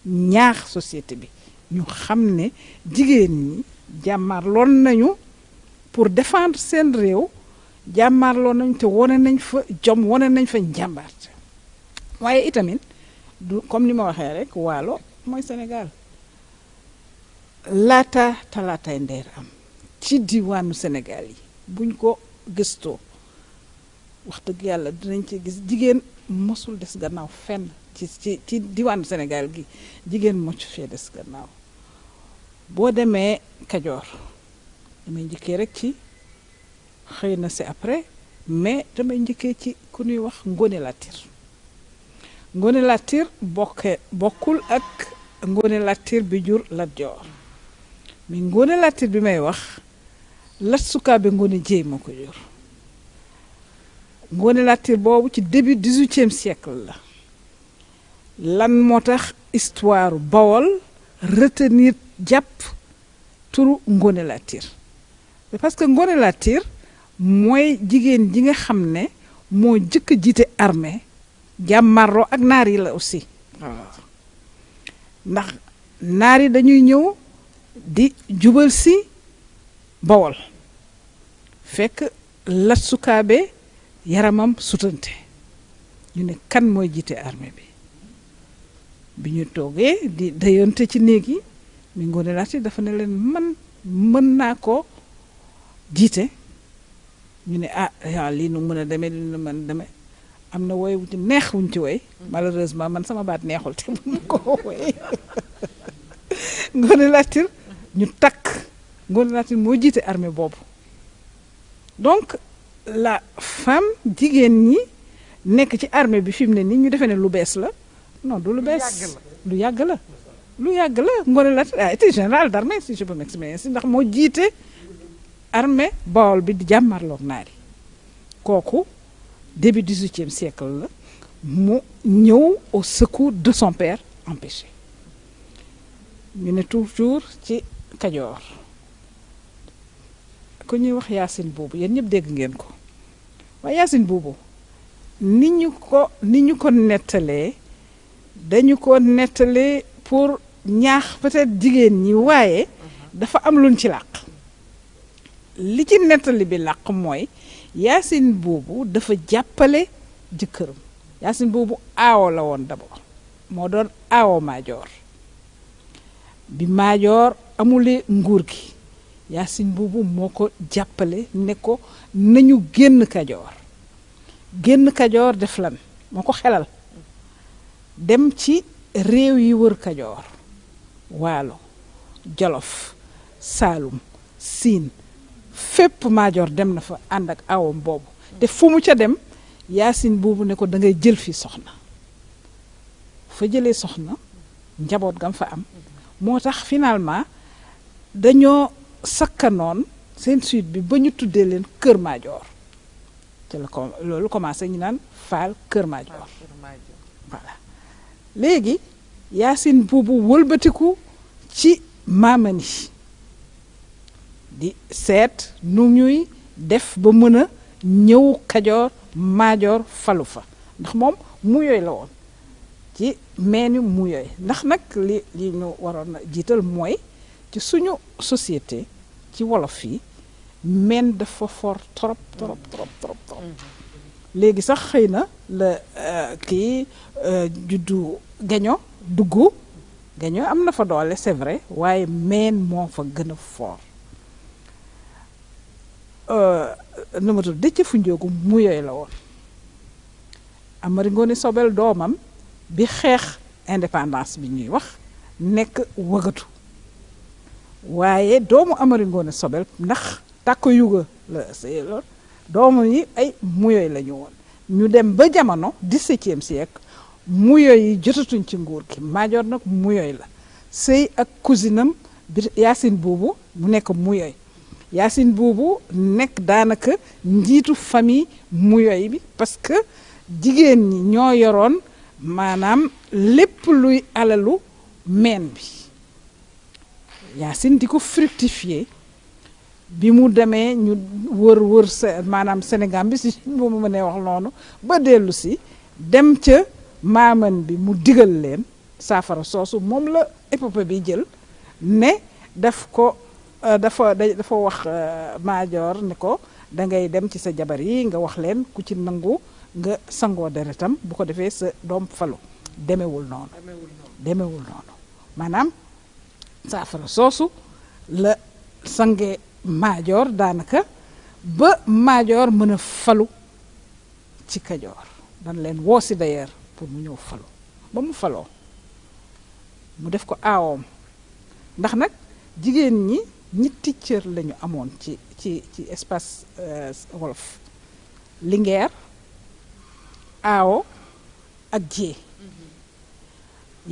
ñaax société bi ñu xam ne jigéen ñi jàmmaarloon nañu pour défendre seen réew jàmmaarloon nañu te wane nañ fa jom wone nañ fa njàmbaarte waaye itamit du comme ni ma waxee rek waalo mooy Sénégal laata talaataay ndeer am ci diwaanu Sénégal yi buñ ko gëstoo wax dëgg yàlla dinañ ci gis jigéen mosul des gannaaw fenn ci ci ci diwaanu Sénégal gi jigéen mocu fee des gannaaw boo demee Kajoor damay njëkkee rek ci xëy na ci après mais damay njëkkee ci ku ñuy wax ngoone Latyr ngoone Latyr bokke bokkul ak Ngoné Latyr bi jur Lat Joor mi ngoone Latyr bi may wax Lat Sukaabe Ngoné Jeey moo ko jur Ngoné Latyr boobu ci début dix-huitième siècle la lan moo tax histoire Bawol retenir jàpp turu Ngoné Latyr parce que Ngoné Latyr mooy jigéen ji nga xam ne moo jëkk jiite armée jàmmarloo ak naar yi la aussi ndax naar yi dañuy ñëw di jubal si Bawol fekk Lat yaramam sutante ñu ne kan mooy jiite armée bi bi ñu toogee di dayonte ci néeg yi mi ngoone laati dafa ne leen man mën naa ko jiite ñu ne ah waaw lii nu mën a demee lii nu mën demee am na woy wuñ ci neex wuñ ci woy malheureusement man sama baat neexul te mun ko woy ngoone latir ñu takk ngoone latir moo jiite armée boobu donc la femme jigéen ñi nekk ci armée bi fi mu ne nii ñu defee ne lu bees la non du lu bees lu yàgg la lu yàgg la Ngoné Latyr a ah, été général d'armée si je peux m'exprimer ndax moo jiite armée Bawol bi di jàmmarloog naar yi kooku début dix-huitième siècle la mu ñëw au secours de son père empêché ñu ne toujours ci Kajoor ku ñuy wax Yaasin boobu yéen ñëpp dégg ngeen ko waaye Yacine boobu ni ñu ko nettalee dañu ko nettali pour ñaax peut jigéen ñi waaye dafa am luñ ci làq li ci nettali bi làq mooy Yacine Boubou dafa jàppale jëkkëram Yacine Boubou aawo la woon d'abord moo doon aawo Maajoor bi Maajoor amule nguur gi Yacine Boubou moo ko jàppale ne ko nañu génn Kajoor génn Kajoor def lan moo ko xelal dem ci réew yi wër Kajoor waalo Jolof Saalum Siin fépp Maajoor dem na fa ànd ak awam boobu te fu mu ca dem Yacine Boubou ne ko dangay jël fi soxna fa jëlee soxna njaboot gam fa am moo tax finalement dañoo sakkanoon seen suite bi ba ñu tuddee leen Kër maajoor ci la ko loolu commencé ñu naan Faal Kër Madior voilà léegi Yaasin boobu wëlbatiku ci maamani di seet nu ñuy def ba mën a ñëw Kajoor Maajoor falu fa ndax moom mu yooyu la woon ci meeni mu ndax nag li li ñu waroon a jiital mooy ci suñu societé ci wolof yi men dafa fort trop trop trop mm-hmm. léegi sax xëy na la euh, kii euh, juddu gaño dugg gaño am na fa doole c'est waaye meen moo fa gën a fort euh, nu ma tudd dëcc mu yooyu la woon Amari Ngoone Sobel doomam bi xeex indépendance bi ñuy wax nekk wëgatu waaye doomu Amari Ngoone Sobel ndax tàkko yuga la séyloon doomu yi ay muyoy la ñu woon ñu dem ba jamono dix-septième siècle muyoy yi jotatuñ ci nguur gi maajoor nag muyoy la sëy ak cousinam bi Yaasin boobu mu nekk muyoy Yaasin boobu nekk daanaka njiitu famille muyoy bi parce que jigéen ñi ñoo yoroon maanaam lépp luy alalu meen bi Yacine di ko fructifier bi mu demee ñu wër wër maanaam Sénégal bi si boo *laughs* ma mënee wax noonu ba dellu si dem ca maaman bi mu digal leen saafara soosu moom la épopée bi jël ne daf ko euh, dafa dafa wax euh, maajoor ne ko da ngay dem ci sa jabar yi nga wax leen ku ci nangu nga sangoo deretam bu ko defee sa doom falu demewul noonu demewul noonu maanaam saafara soosu la sange maajoor daanaka ba maajoor mën a falu ci kajoor dañ leen woo si d'ailleurs pour mu ñëw falu ba mu faloo mu def ko aawoom ndax nag jigéen ñi ñetti cër lañu amoon ci ci ci espace euh, wolof lingeer aawo ak jee mm-hmm.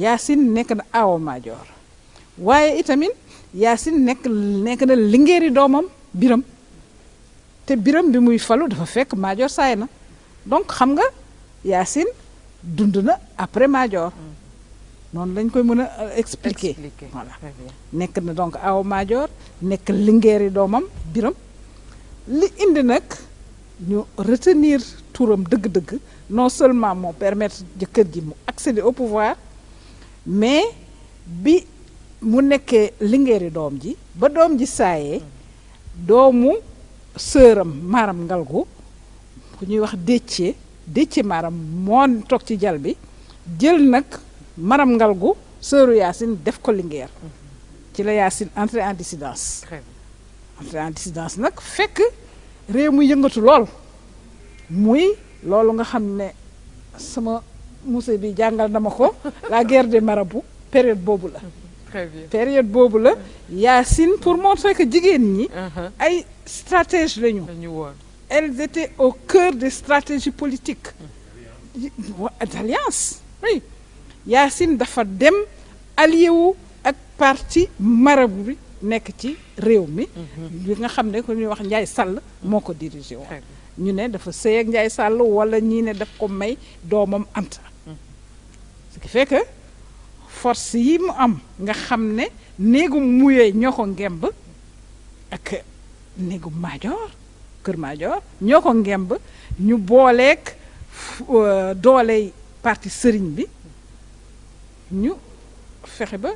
yaasin nekk na aawo maajoor waaye itamit Yacine nekk nekk na lingeeri doomam biram te biram bi muy falu dafa fekk Madior saay na donc xam nga Yacine dund na après Madior mm. noonu lañ koy mën a euh, expliquer voilà nekk na donc aw Madior nekk lingeeri doomam biram li indi nag ñu retenir turam dëgg-dëgg non seulement moo permettre jëkkër ji mu accéder au pouvoir mais bi mu nekkee lingeeri doom ji ba doom ji saayee doomu sëram ngal ngalgu ku ñuy wax déccee déccee maram moo toog ci jal bi jël nag maram ngal ngalgu sëru yaasin def ko lingeer ci la yaasin entré en dissidence entré en nag fekk réew mu yëngatu lool muy loolu nga xam ne sama musée bi jàngal na ko la guerre des marabouts période boobu la très bien période boobu la Yacine pour montrer que jigéen ñi. Uh-huh. ay stratège lañu. lañu woon elles étaient au cœur des stratégies politiques. Uh-huh. d'alliance oui dafa dem allié wu ak parti marabu bi nekk ci réew mi. Uh-huh. nga xam ne ku ñuy wax Ndiaye Sall moo ko dirigé woon. ñu ne dafa sëy ak Ndiaye Sall wala ñii ne daf ko may doomam Anta. ce qui fait que. force yi mu am nga xam ne néegum muyee ñoo ko ngemb ak néegu maajoor kër maajoor ñoo ko ngemb ñu booleeg euh, dooley parti sëriñ bi ñu fexe ba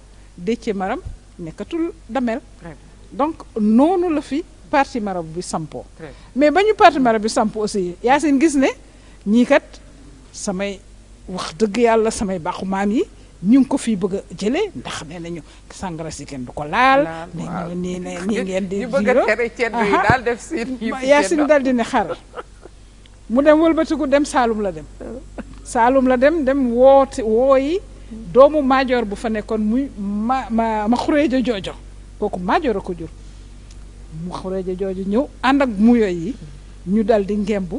Déthié Maram nekkatul damel donc noonu la fi parti marab bi sampoo mais ba ñu parti marab bi sampoo aussi Yacine gis ne ñii kat samay wax dëgg yàlla samay bàqu yi ñu ko fi bëgg a jëlee ndax nee nañu sangara si kenn du ko laal. waaw nii ne nii ngeen di. ñu bëgg a tere ceeb yi mu dem wëlbatiku dem Saalum la dem. Saalum la dem dem woote wooyi. doomu majoor bu fa nekkoon muy ma ma ma xureeja joojo kooku maajoor a ko jur. mu xureeja joojo ñëw ànd ak muyo yi ñu daldi di ngemb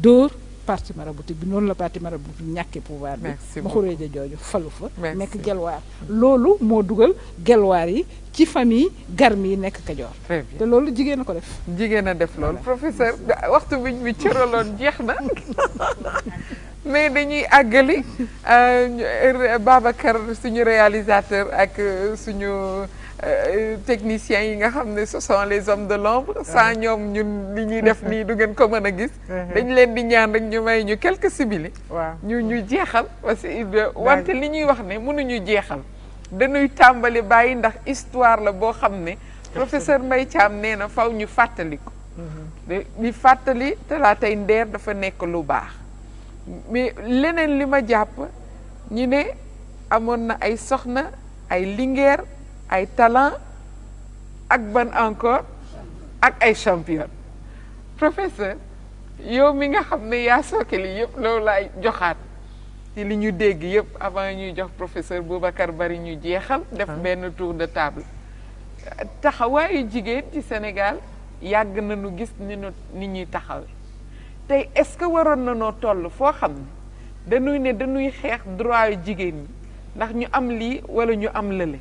dóor. parti maraboutique bi noonu la parti maraboutique bi ñàkkee pouvoir bi ma xuree ja jooju falu fa nekk gelwaar loolu moo dugal gelwaar yi ci famille garmi yi nekk Kajoor te loolu jigéen a ko def jigéen a def loolu professeur waxtu biñ cëraloon jeex na *laughs* mais dañuy àggali euh, Babacar suñu réalisateur ak euh, suñu Euh, techniciens yi nga xam ne ce sont les hommes de l'ombre sans ñoom ñun li ñuy def nii du ngeen ko mën a gis dañ leen di ñaan rek ñu may ñu quelques simili waaw ñu ñu jeexal parce que wante li ñuy wax ne mënuñu jeexal dañuy tàmbali bàyyi ndax histoire la boo xam ne professeur Mbaye Thiam nee na faw ñu fàttali ko mm-hmm. di fàttali te laa ndeer dafa nekk lu baax mais leneen li ma jàpp ñu ne amoon na ay soxna ay lingeer ay talent ak ban encore ak ay champion professeur yow mi nga xam ne yaa sooke li yëpp loolu laay joxaat ci li ñu dégg yëpp avant ñuy jox professeur Boubacar Bari ñu jeexal def ah. benn tour de table taxawaayu jigéen ci Sénégal yàgg nañu gis ni nu ni ñuy taxawee tey est-ce que waroon na noo toll foo xam ne dañuy ne dañuy xeex droit yu jigéen ñi ndax ñu am lii walla ñu am lële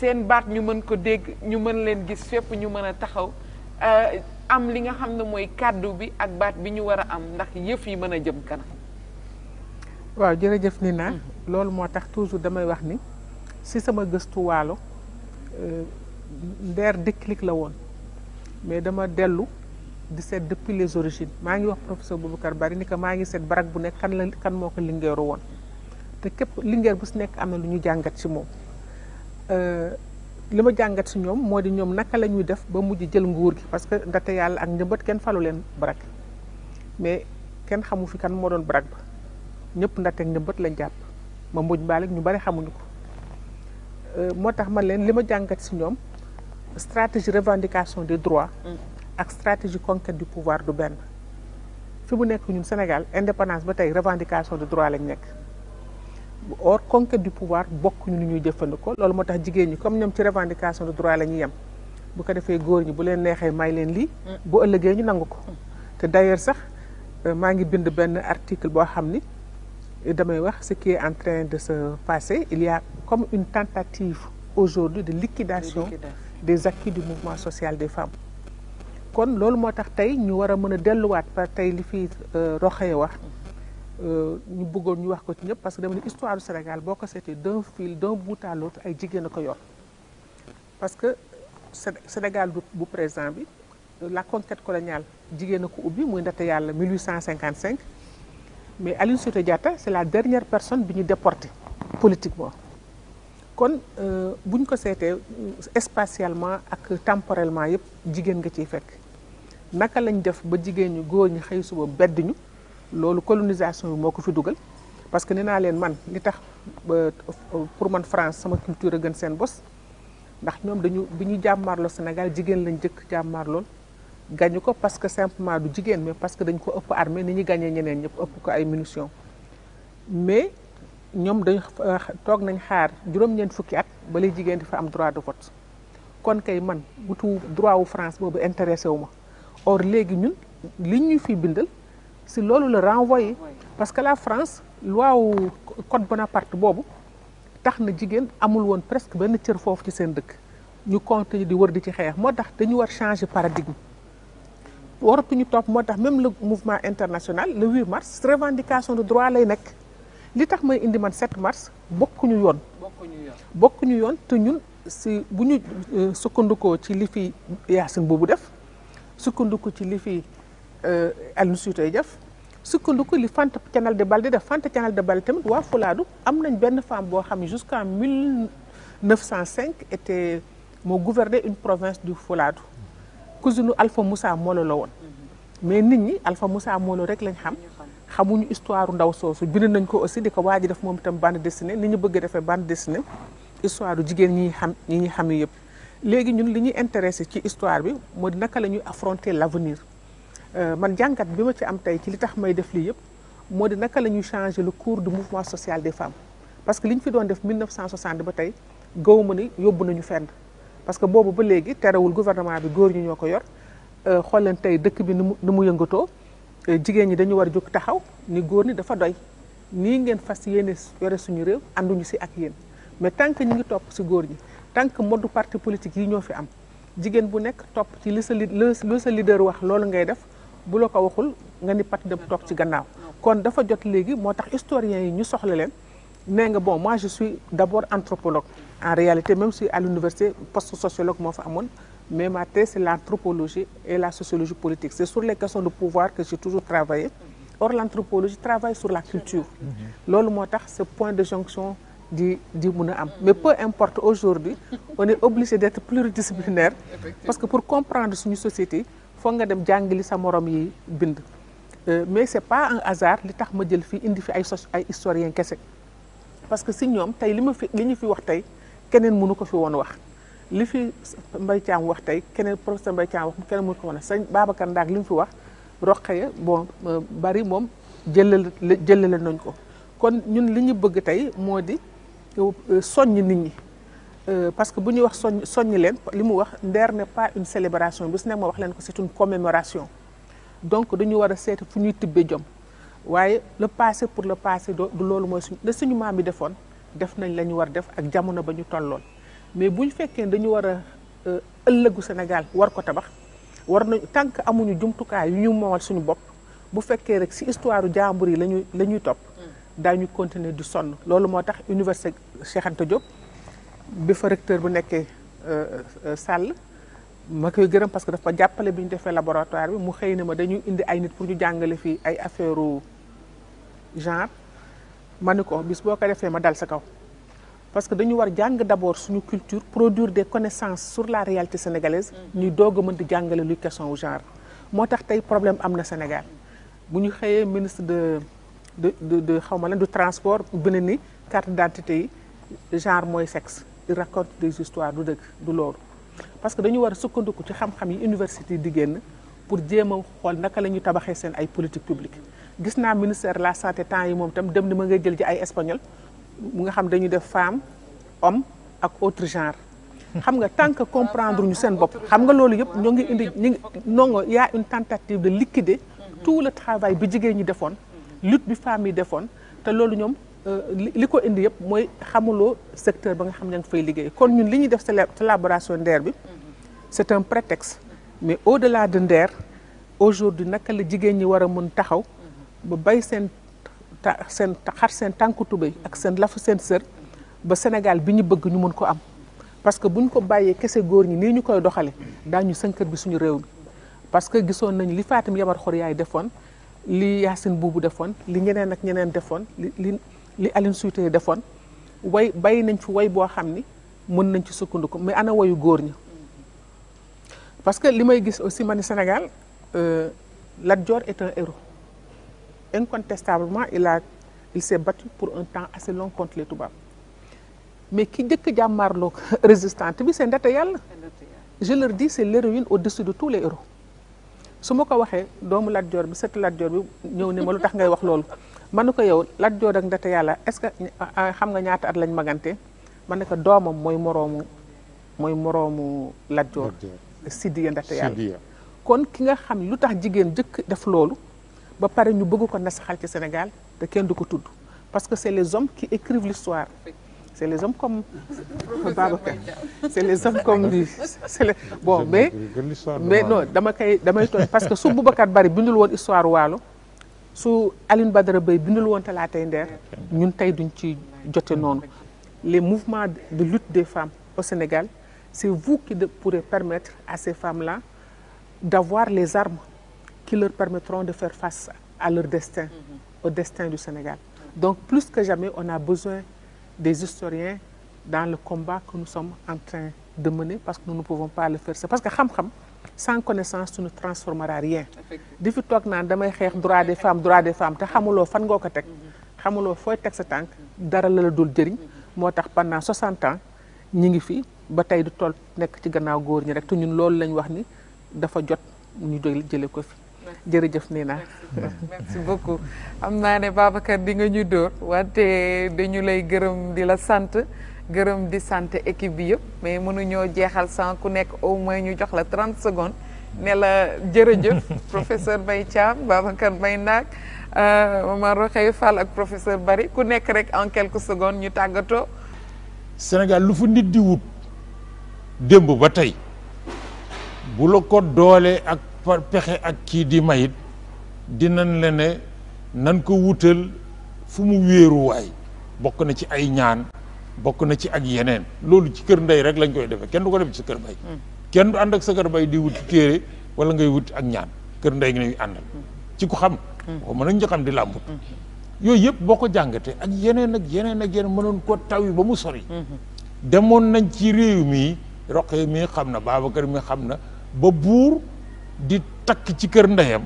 seen baat ñu mën ko dégg ñu mën leen gis fépp ñu mën a taxaw euh, am li nga xam ne mooy kàddu bi ak baat bi ñu war a am ndax yëf yi mën a jëm kanam. waaw jërëjëf naan mm-hmm. loolu moo tax toujours damay wax ni si sama gëstu waalo euh, Nder déclic la woon mais dama dellu di seet depuis les origines maa ngi wax professeur Boubacar Bari ni ko maa ngi seet barak bu nekk kan la kan moo ko lingeeru woon te képp lingeer bu si nekk am na lu ñu jàngat ci moom. Euh, li ma jàngat si ñoom moo di ñoom naka la ñuy def ba mujj jël nguur gi parce que ndaxte yàlla ak njëmbat kenn falu leen barak mais kenn xamu fi kan moo doon barak ba ñëpp ndaxte ak njëmbat lañ jàpp ma mbuj mbaalik ñu bari xamuñu ko euh, moo tax man leen li ma jàngat si ñoom stratégie revendication des droit ak stratégie conquête du pouvoir du benn fi mu nekk ñun Sénégal indépendance ba tey revendication des droits lañ nekk or conquête du pouvoir bokkuñu ni ñuy jëfandikoo loolu moo tax jigéen ñi comme ñoom ci revendication de droit la ñuy yem bu ko defee góor ñi bu leen neexee may leen lii bu ëllëgee ñu nangu ko te d'ailleurs sax euh, maa ngi bind benn article boo xam ni damay wax ce qui est en train de se passer il y a comme une tentative aujourd'hui de liquidation des acquis du mouvement social des femmes kon loolu moo tax tey ñu war a mën a delluwaat par tey li fi euh, roxee wax Euh, ñu bëggoon ñu wax ko ci ñëpp parce que dama ne histoire du Sénégal boo ko seetee d'un fil d'un bout à ay jigéen a ko yor parce que Sénégal bu présent bi euh, la conquête coloniale jigéen a ko ubbi muy ndate yàlla 1855 mais Aline Sitoé Diatta c'est la dernière personne bi ñu déporté politiquement kon euh, bu ñu ko seetee spatialement ak temporellement yëpp jigéen nga ci fekk naka lañ def ba jigéen ñu góor ñi xëy suba bedd ñu loolu colonisation bi moo ko fi dugal parce que nee naa leen man li tax euh, pour man France sama culture a gën seen bos ndax ñoom dañu bi ñuy jàmmaarloo Sénégal jigéen lañ jëkk jàmmaarlool gañu ko parce que simplement du jigéen mais parce que dañ ko ëpp armée ni ñu gañee ñeneen ñëpp ëpp ko ay munitions mais ñoom dañ euh, toog nañ xaar juróom-ñeent fukki at ba jigéen di fa am droit de vote kon kay man wutu droit wu France boobu intéressé wu ma or léegi ñun li ñu fi bindal si loolu la renvoyé parce que la France loi wu code Bonaparte boobu tax na jigéen amul woon presque benn cër foofu ci seen dëkk ñu continuer di war di ci xeex moo tax dañu war changer paradigme waratuñu topp moo tax même le mouvement international le 8 mars revendication de droit lay nekk li tax may indi man 7 mars bokkuñu yoon. bokkuñu yoon bokkuñu yoon te ñun si bu ñu euh, sukkandikoo ci li fi Yacine boobu def sukkandiku ci li fi. Euh, Alioune Seye tey def sukkandiku li Fanta Canal de Bal di def Fanta Canal de Bal tamit waa Fulaadu am nañ benn femme boo xam ne jusqu'en 1905 était moo gouverner une province du Fulaadu cousinu Alpha Moussa Molo la woon mais nit ñi Alpha Moussa Molo rek lañ xam xamuñu histoire ndaw soosu bind nañ ko aussi di ko waaj def moom itam bande dessinée ni ñu bëgg a defee bande dessinée histoire du jigéen ñi xam ñi ñuy xam yëpp léegi ñun li ñuy intéressé ci histoire bi moo naka la ñuy affronter l' avenir Euh, man jàngat bi ma ci am tey ci li tax may def lii yëpp moo di naka la ñuy changer lu cours du mouvement social des femmes parce que li ñu fi doon def 1960 ba tey gaw ma ni yóbbu nañu fenn parce que boobu ba léegi terewul gouvernement bi góor ñi ñoo ko yor euh, xool leen tey dëkk bi ni mu ni mu yëngatoo euh, jigéen ñi dañu war a jóg taxaw ni góor ñi dafa doy nii ngeen fas yéene yore suñu réew ànduñu si ak yéen mais tant que ñu ngi topp si góor ñi tant que moddu parti politique yi ñoo fi am jigéen bu nekk topp ci li sa li sa leader wax loolu ngay bu la ko waxul nga ni pat dem toog ci gannaaw kon dafa jot léegi moo tax historiens yi ñu soxla leen nee nga bon moi je suis d'abord anthropologue en réalité même si à l'université poste sociologue moo fa amoon mais ma thèse c'est l'anthropologie et la sociologie politique c'est sur les questions de pouvoir que j'ai toujours travaillé or l'anthropologie travaille sur la culture loolu moo tax ce point de jonction di di mën a am mais peu importe aujourd'hui on est obligé d'être pluridisciplinaire parce que pour comprendre suñu société foog nga dem jàngali sa moroom yi bind euh, mais c'est pas un hasard li tax ma jël fii indi fi ay sos ay historien kese parce que si ñoom tey li ma fi li ñu fi wax tey keneen mënu ko fi woon wax li fi Mbaye Thiam wax tey keneen professeur Mbaye Thiam wax keneen mënu ko woon wax sëñ Babacar Ndaak li mu fi wax Roqaya bon euh, bari moom jëlal jëlale nañ ko kon ñun li ñu bëgg tey moo di euh, soññ nit ñi Euh, parce que bu ñuy wax soññ soññ leen li mu wax ndeer n'est pas une célébration bu si nekk ma wax leen ko c'est une commémoration donc dañu war a seet fu ñuy tibbee jom waaye le passé pour le passé du loolu mooy suñu suñu maam yi defoon def nañ la ñu war def ak jamono ba ñu tolloon mais bu ñu fekkee dañu war a euh, ëllëgu Sénégal war ko tabax war nañu tant amuñu jumtukaay yu ñu moomal suñu bopp bu fekkee rek ci histoire jàmbur yi la ñuy la ñuy topp daañu continuer di sonn loolu moo tax université Cheikh Anta Diop bi fa recteur bu nekkee euh, euh, Sall ma koy gërëm parce que daf ma jàppale bi ñu defee laboratoire bi mu xëy na ma dañuy indi ay nit pour ñu jàngale fii ay affaire genre ma ni ko bis boo ko defee ma dal sa kaw parce que dañu war jàng d'abord suñu culture produire des connaissances sur la réalité sénégalaise ñuy doog a mën di jàngale luy question wu genre moo tax tey problème am na Sénégal bu ñu xëyee ministre de de de xaw ma lan du transport bi ne ni carte d'identité mooy sexe il raconte des histoires du dëkk du loolu parce que dañu war a sukkandiku ci xam-xam yi université di génn pour jéem a xool naka la ñuy tabaxee seen ay politique publique gis naa ministère la santé temps yi moom tam dem ni ma ngay jël ji ay espagnol mu nga xam dañuy def femme homme ak autre genre xam nga tant que comprendre ñu seen bopp xam nga loolu yëpp ñoo ngi indi ñu ngi nongo y a une de liquider tu le travail bi jigéen ñi defoon lutte bi femmes yi defoon te loolu ñoom Euh, li ko indi yëpp mooy xamuloo secteur ba nga xam ne nga fay liggéey kon ñun li ñuy def collaboration Nder bi mm-hmm. c'est un prétexte mais au-delà de Nder aujourd'hui naka la jigéen ñi war a mën taxaw mm-hmm. ba bay seen ta seen xar seen tànku tubéy ak seen lafa seen sër ba Sénégal bi ñu bëgg ñu mun ko am parce que bu ñu ko bàyyee kese góor ñi nii ñu koy doxale daañu sënkër bi suñu réew mi parce que gisoon nañ li Fatim Yamar Xor yaay defoon li Yacine Boubou defoon li ñeneen ak ñeneen defoon li Aline Sitoé defoon woy bàyyi nañ fi way boo xam ni mën nañ ci sukkandiku mais ana wayu góor ñi parce que li may gis aussi ma ni Sénégal euh, Lat Dior est un héros incontestablement il a il s'est battu pour un temps assez long contre les tubaab mais ki njëkk résistant *laughs* résistante bi c'est Ndate Yàlla je leur dis c'est l'héroïne au-dessus de tous les héros su ma ko waxee doomu Lat Dior bi sët Lat Dior bi ñëw ne ma lu tax ngay wax loolu man na ko yow Lat Joor ak Ndate Yàlla est-ce que xam nga ñaata at lañ magante man na ko doomam mooy moroomu mooy moroomu Lat Joor Sidiya Ndate Yàlla kon ki nga xam lu tax jigéen jëkk def loolu ba pare ñu bëgg ko nasaxal ci Sénégal te kenn du ko tudd parce que c'est les hommes qui écrivent l'histoire c'est les hommes comme Babacar c'est les hommes comme *laughs* lui c'est les bon mais mais non dama koy damay tooñ parce que su Boubacar Bari bindul woon histoire waalo su Aline Badara Beye bindul woon Talaatay Nder ñun tey duñ ci jote noonu les mouvements de lutte des femmes au Sénégal c'est vous qui pourrez permettre à ces femmes-là d'avoir les armes qui leur permettront de faire face à leur destin au destin du Sénégal donc plus que jamais on a besoin des historiens dans le combat que nous sommes en train de mener parce que nous ne pouvons pas le faire c'est parce que xam-xam sans connaissance tu ne transformeras di fi toog naan damay xeex droit de femmes droit des femmes te xamuloo fan ngoo ko teg mm-hmm. xamuloo fooy teg sa tànk dara la la dul jëriñ mm-hmm. moo tax pendant 60 ans ñi ngi fi ba tey du tool nekk ci gannaaw góor ñi rek te ñun loolu lañ wax ni dafa jot ñu jóge jële ko fi jërëjëf nee naa merci beaucoup am naa ne Babacar di nga ñu dóor wante dañu lay gërëm di la sant gërëm di sant équipe bi yëpp mais mënuñoo jeexal sans ku nekk au moins ñu jox la 30 secondes ne la jërëjëf *laughs* professeur bay Thiam Babacar bay Ndaak euh, Omar Rokhaya Fall ak professeur Bari ku nekk rek en quelques secondes ñu tàggatoo. Sénégal lu fu nit di wut démb ba tey bu la ko doole ak pexe ak kii di mayit dinañ la ne nan ko wutal fu mu wéeruwaay bokk na ci ay ñaan. bokk na ci ak yeneen loolu ci kër ndey rek lañ koy defee kenn du ko def ci sa kër bay hmm. kenn du ànd ak sa kër bay di wuti téere wala ngay wuti ak ñaan kër ndey gi nañu hmm. ci ku xam ko hmm. mën nañ xam di làmbut yooyu yëpp boo ko jàngatee ak yeneen ak yeneen ak yeneen mënoon koo taw yi ba mu sori demoon nañ ci réew mi roqee mi xam na Babacar mi xam na ba buur di takk ci kër ndeyam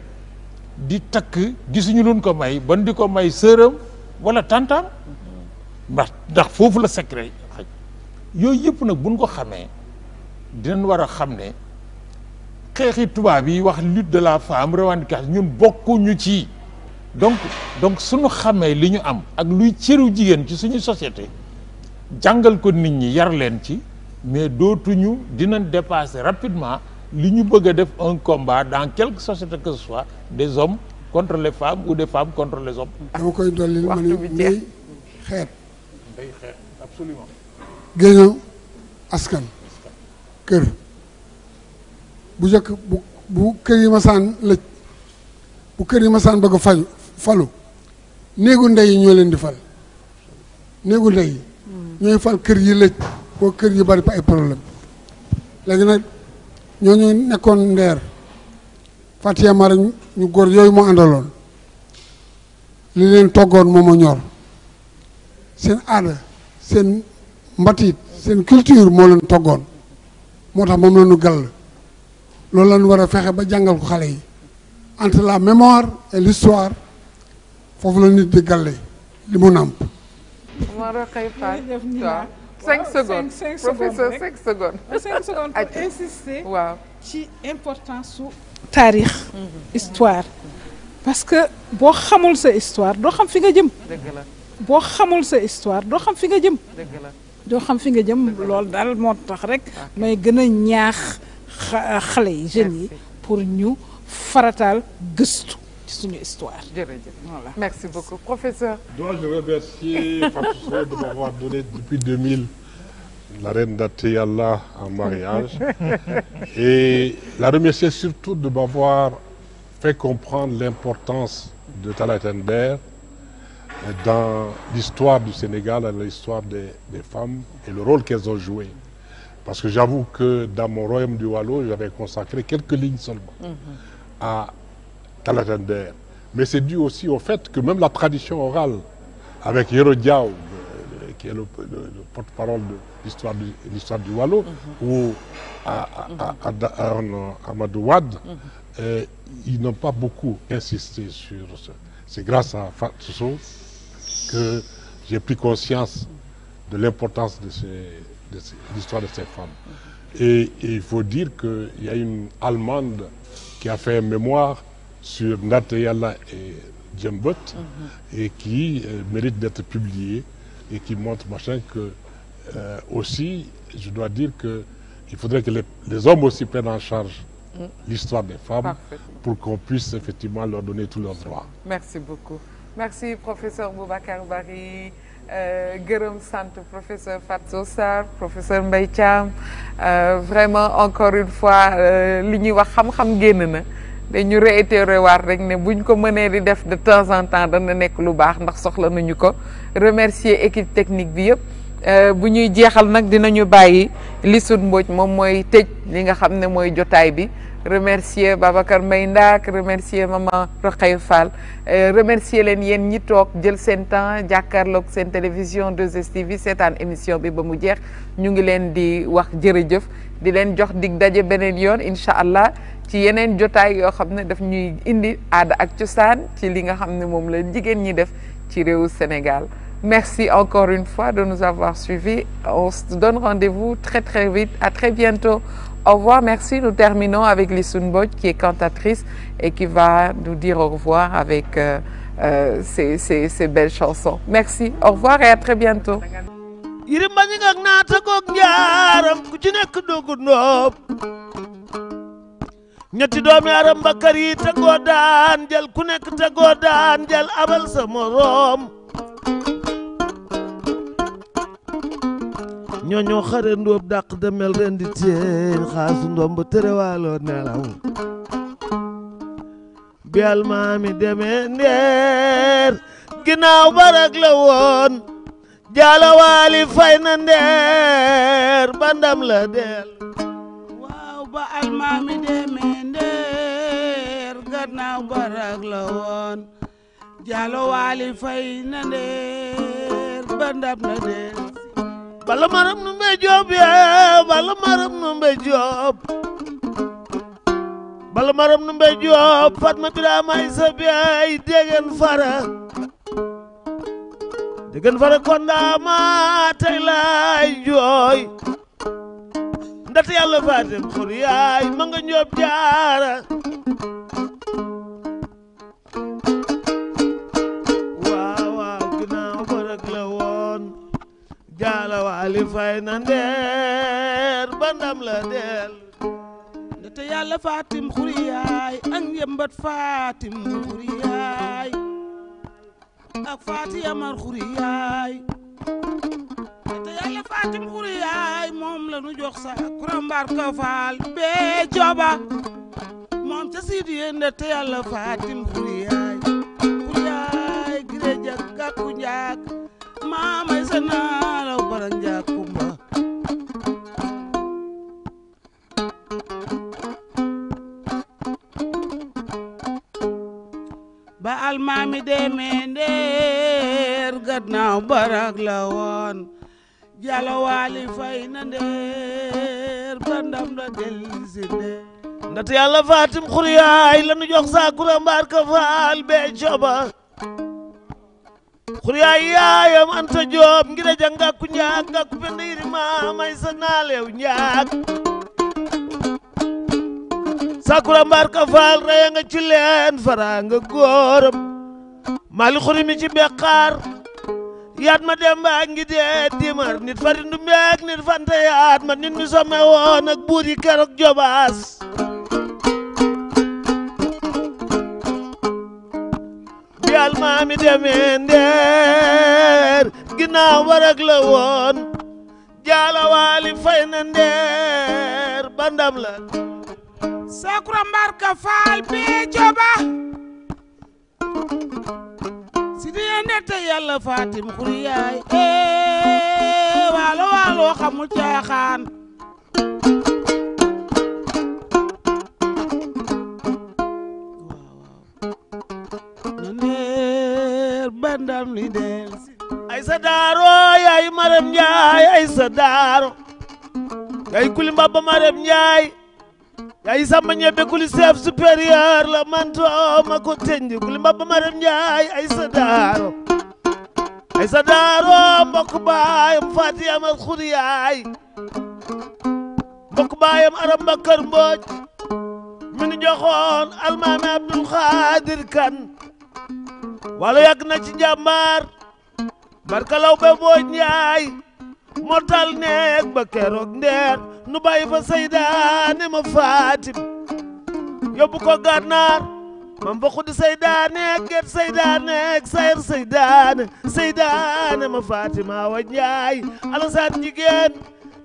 di takk gisuñu luñ ko may ban di ko may sëram wala tantaam ndax ndax foofu la secret xaj yooyu yëpp nag buñ ko xamee dina dinañ war a xam ne xeexi tubaab yi wax lutte de la femme revendication ñun bokkuñu ci donc donc suñu xamee li ñu am ak luy cëru jigéen ci suñu société jàngal ko nit ñi yar leen ci mais dootuñu dinañ dépasser rapidement li ñu bëgg a def un combat dans quelque société que ce soit des hommes contre les femmes ou des femmes contre les hommes. dama koy dolli ma ni xeet. day xeex askan kër bu njëkk bu bu kër yi masaan lëj bu kër yi masaan bëgg faju falu néegu ndey yi ñoo leen di fal néegu ndey yi ñooy fal kër yi lëj boo kër yi bari ay problème léegi nag ñooñu nekkoon ndeer Fatia Mara ñu góor yooyu moo àndaloon li leen toggoon moom a ñor seen aada seen mbatiit seen culture moo leen toggoon moo tax moom la ñu gàll loolu la ñu war a fexe ba jàngal ko xale yi entre la mémoire et l'histoire foofu la nit di galle li mu nàmp. ma roqay Fatou cinq secondes ci importance su taarix. Mhm. histoire parce que boo xamul sa histoire doo xam fi nga jëm. boo xamul sa histoire doo xam fi nga jëm doo xam fi nga jëm loolu daal moo tax rek ah, may gën a ñaax ah, xale yi jeunes yi pour ñu farataal gëstu ci suñu histoire. jërëjëf voilà merci beaucoup professeur. dois-je remercier Fatou Sow de m'avoir donné depuis la reine d'Ateyalla en mariage *laughs* et la remercier surtout de m'avoir fait comprendre l'importance de Talatenber dans l'histoire du Sénégal, dans l'histoire des, des, femmes et le rôle qu'elles ont joué. Parce que j'avoue que dans mon royaume du Wallo, j'avais consacré quelques lignes seulement mm -hmm. à Talatender. Mais c'est dû aussi au fait que même la tradition orale, avec Yero Diaw, euh, qui est le, le, le porte-parole de l'histoire du, du, Wallo, mm -hmm. ou à, à, à, Amadou Wad, mm -hmm. euh, ils n'ont pas beaucoup insisté sur ce. C'est grâce à Fatou que j'ai pris conscience de l'importance de, de, de l'histoire de ces femmes. Et, et il faut dire qu'il y a une Allemande qui a fait un mémoire sur Natayala et John Bott, mm -hmm. et qui euh, mérite d'être publié et qui montre machin que euh, aussi, je dois dire qu'il faudrait que les, les, hommes aussi prennent en charge mm. l'histoire des femmes Parfait. pour qu'on puisse effectivement leur donner tous leurs droits. Merci beaucoup. merci professeur Boubacar Bari euh, gërëm sant professeur Fatou Sarr professeur Mbaye Thiam euh, vraiment encore une fois euh, li ñuy wax xam-xam génn na dañu réitéré waat rek ne buñ ko mënee di def de temps en temps dana nekk lu baax ndax soxla nañu ko remercier équipe technique bi yëpp bu ñuy jeexal nag dinañu bàyyi li sut Mbodj moom mooy tëj li nga xam ne mooy jotaay bi remercier Babacar Mbaye Ndaak remercier maman Rokhaya Fall euh, remercier leen yéen ñi toog jël seen temps jàkkaarloog seen télévision 2STV seetaan émission bi ba mu jeex ñu ngi leen di wax jërëjëf di leen jox dig daje beneen yoon incha allah ci yeneen jotaay yoo xam ne daf ñuy indi aada ak cosaan ci li nga xam ne moom la jigéen ñi def ci réewu Sénégal merci encore une fois de nous avoir suivis on donne rendez-vous très très vite à très bientôt Au revoir, merci. Nous terminons avec Lissoun Bodj qui est cantatrice et qui va nous dire au revoir avec ces, euh, euh, belles chansons. Merci, au revoir et à très bientôt. yirim mbañi ngak naata goog njaaram ku ci nekk dugg noob ñetti doomi aram bakkar yi tegoo daan jël ku nekk tegoo daan jël abal sa moroom ñooñoo xare ndóob dàq demel ren di teen xaasu ndomb tërëwaaloo nelaw bi almaami demee ndeer ginnaaw barak la woon jaalawaali fay na ndeer ba ndam la del waaw ba almaami demee ndeer gannaaw barak la woon jaalawaali fay na ndeer ba ndam la del balla maram nu mbey joob yee balla maram nu mbey joob balla maram nu mbey joob fatma biraama isa bey degen fara degen fara kondaama tey lay jooy ndata yàlla faatim xur yaay ma nga jaara fay na ndeer ba ndam la del ndete yàlla fatim xuriyaay ak yëmbat fatim xuriyaay ak faati xuriyaay ndete yàlla fatim xuriyaay moom la nu jox sa kurambar ka faal bee joba moom ca siidi yee ndete yàlla fatim xuriyaay xuriyaay gireja gàkku njaag maamay sa naar mi demee ndeer gannaaw barak la woon jalo waali fay ndeer ba ndam la dellusi ndeer ndate yàlla fatim xuriyaay lanu jox saakura mbaar ka faal bee coba xuriyaay yaayam anta joob ngira ja ngàkku njaak ngàkku pend yiri maamay sa naaleew njaak saakura mbaar ka faal raya nga ci fara nga góoram mali xurimi ci beqaar yaat ma demba ngi dee dimar nit farin du mbeek nit fanta yaat ma nit mi somme woon ak buur yi jobaas biyal maami demee ndeer ginnaaw barak la woon jaala waali fay na bandam la sakura mbarka faal bee joba nette yàlla fatim xuriyaay ee eh, waalo waalo xamul caaxaan na neer bandam ni del ay sa daaro yaay maram njaay ay sa daaro yaay kulimba ba maram njaay yayi samba ñebbe kuli chef supérieur la manto ma ko tenji kuli mbabba maram njaay ay sa daaro ay sa daaro mbokk baayam fatiyam al xuriyaay mbokk baayam aram bakkar mbooj mi nu joxoon almaami abdul xaadir kan wala yàgg na ci njàmbaar barka be mbooj njaay mortal neeg ba keroog ndeer nu bàyyi fa saydaane ma faatim yóbbu ko gànnaar mam ba xuddi saydaane get saydaane ak sayr saydaane saydaane ma faatima wa njaay alasaan jigéen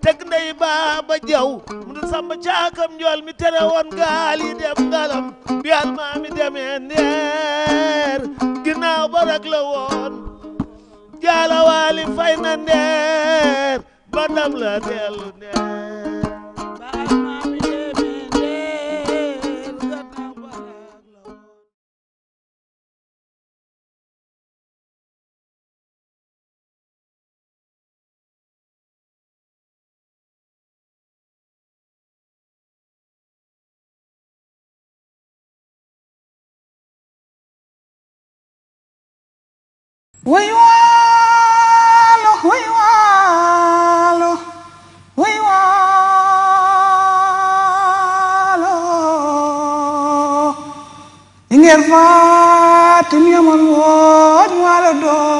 teg ndey baaba jaw mu dul samba caakam njool mi tere woon gaal yi dem ngalam bi almaami demee ndeer ginnaaw ba rek la woon jaala waali fay na ndeer ba dam la dellu ndeer way waalo way waalo way waalo i ngeer waalo doon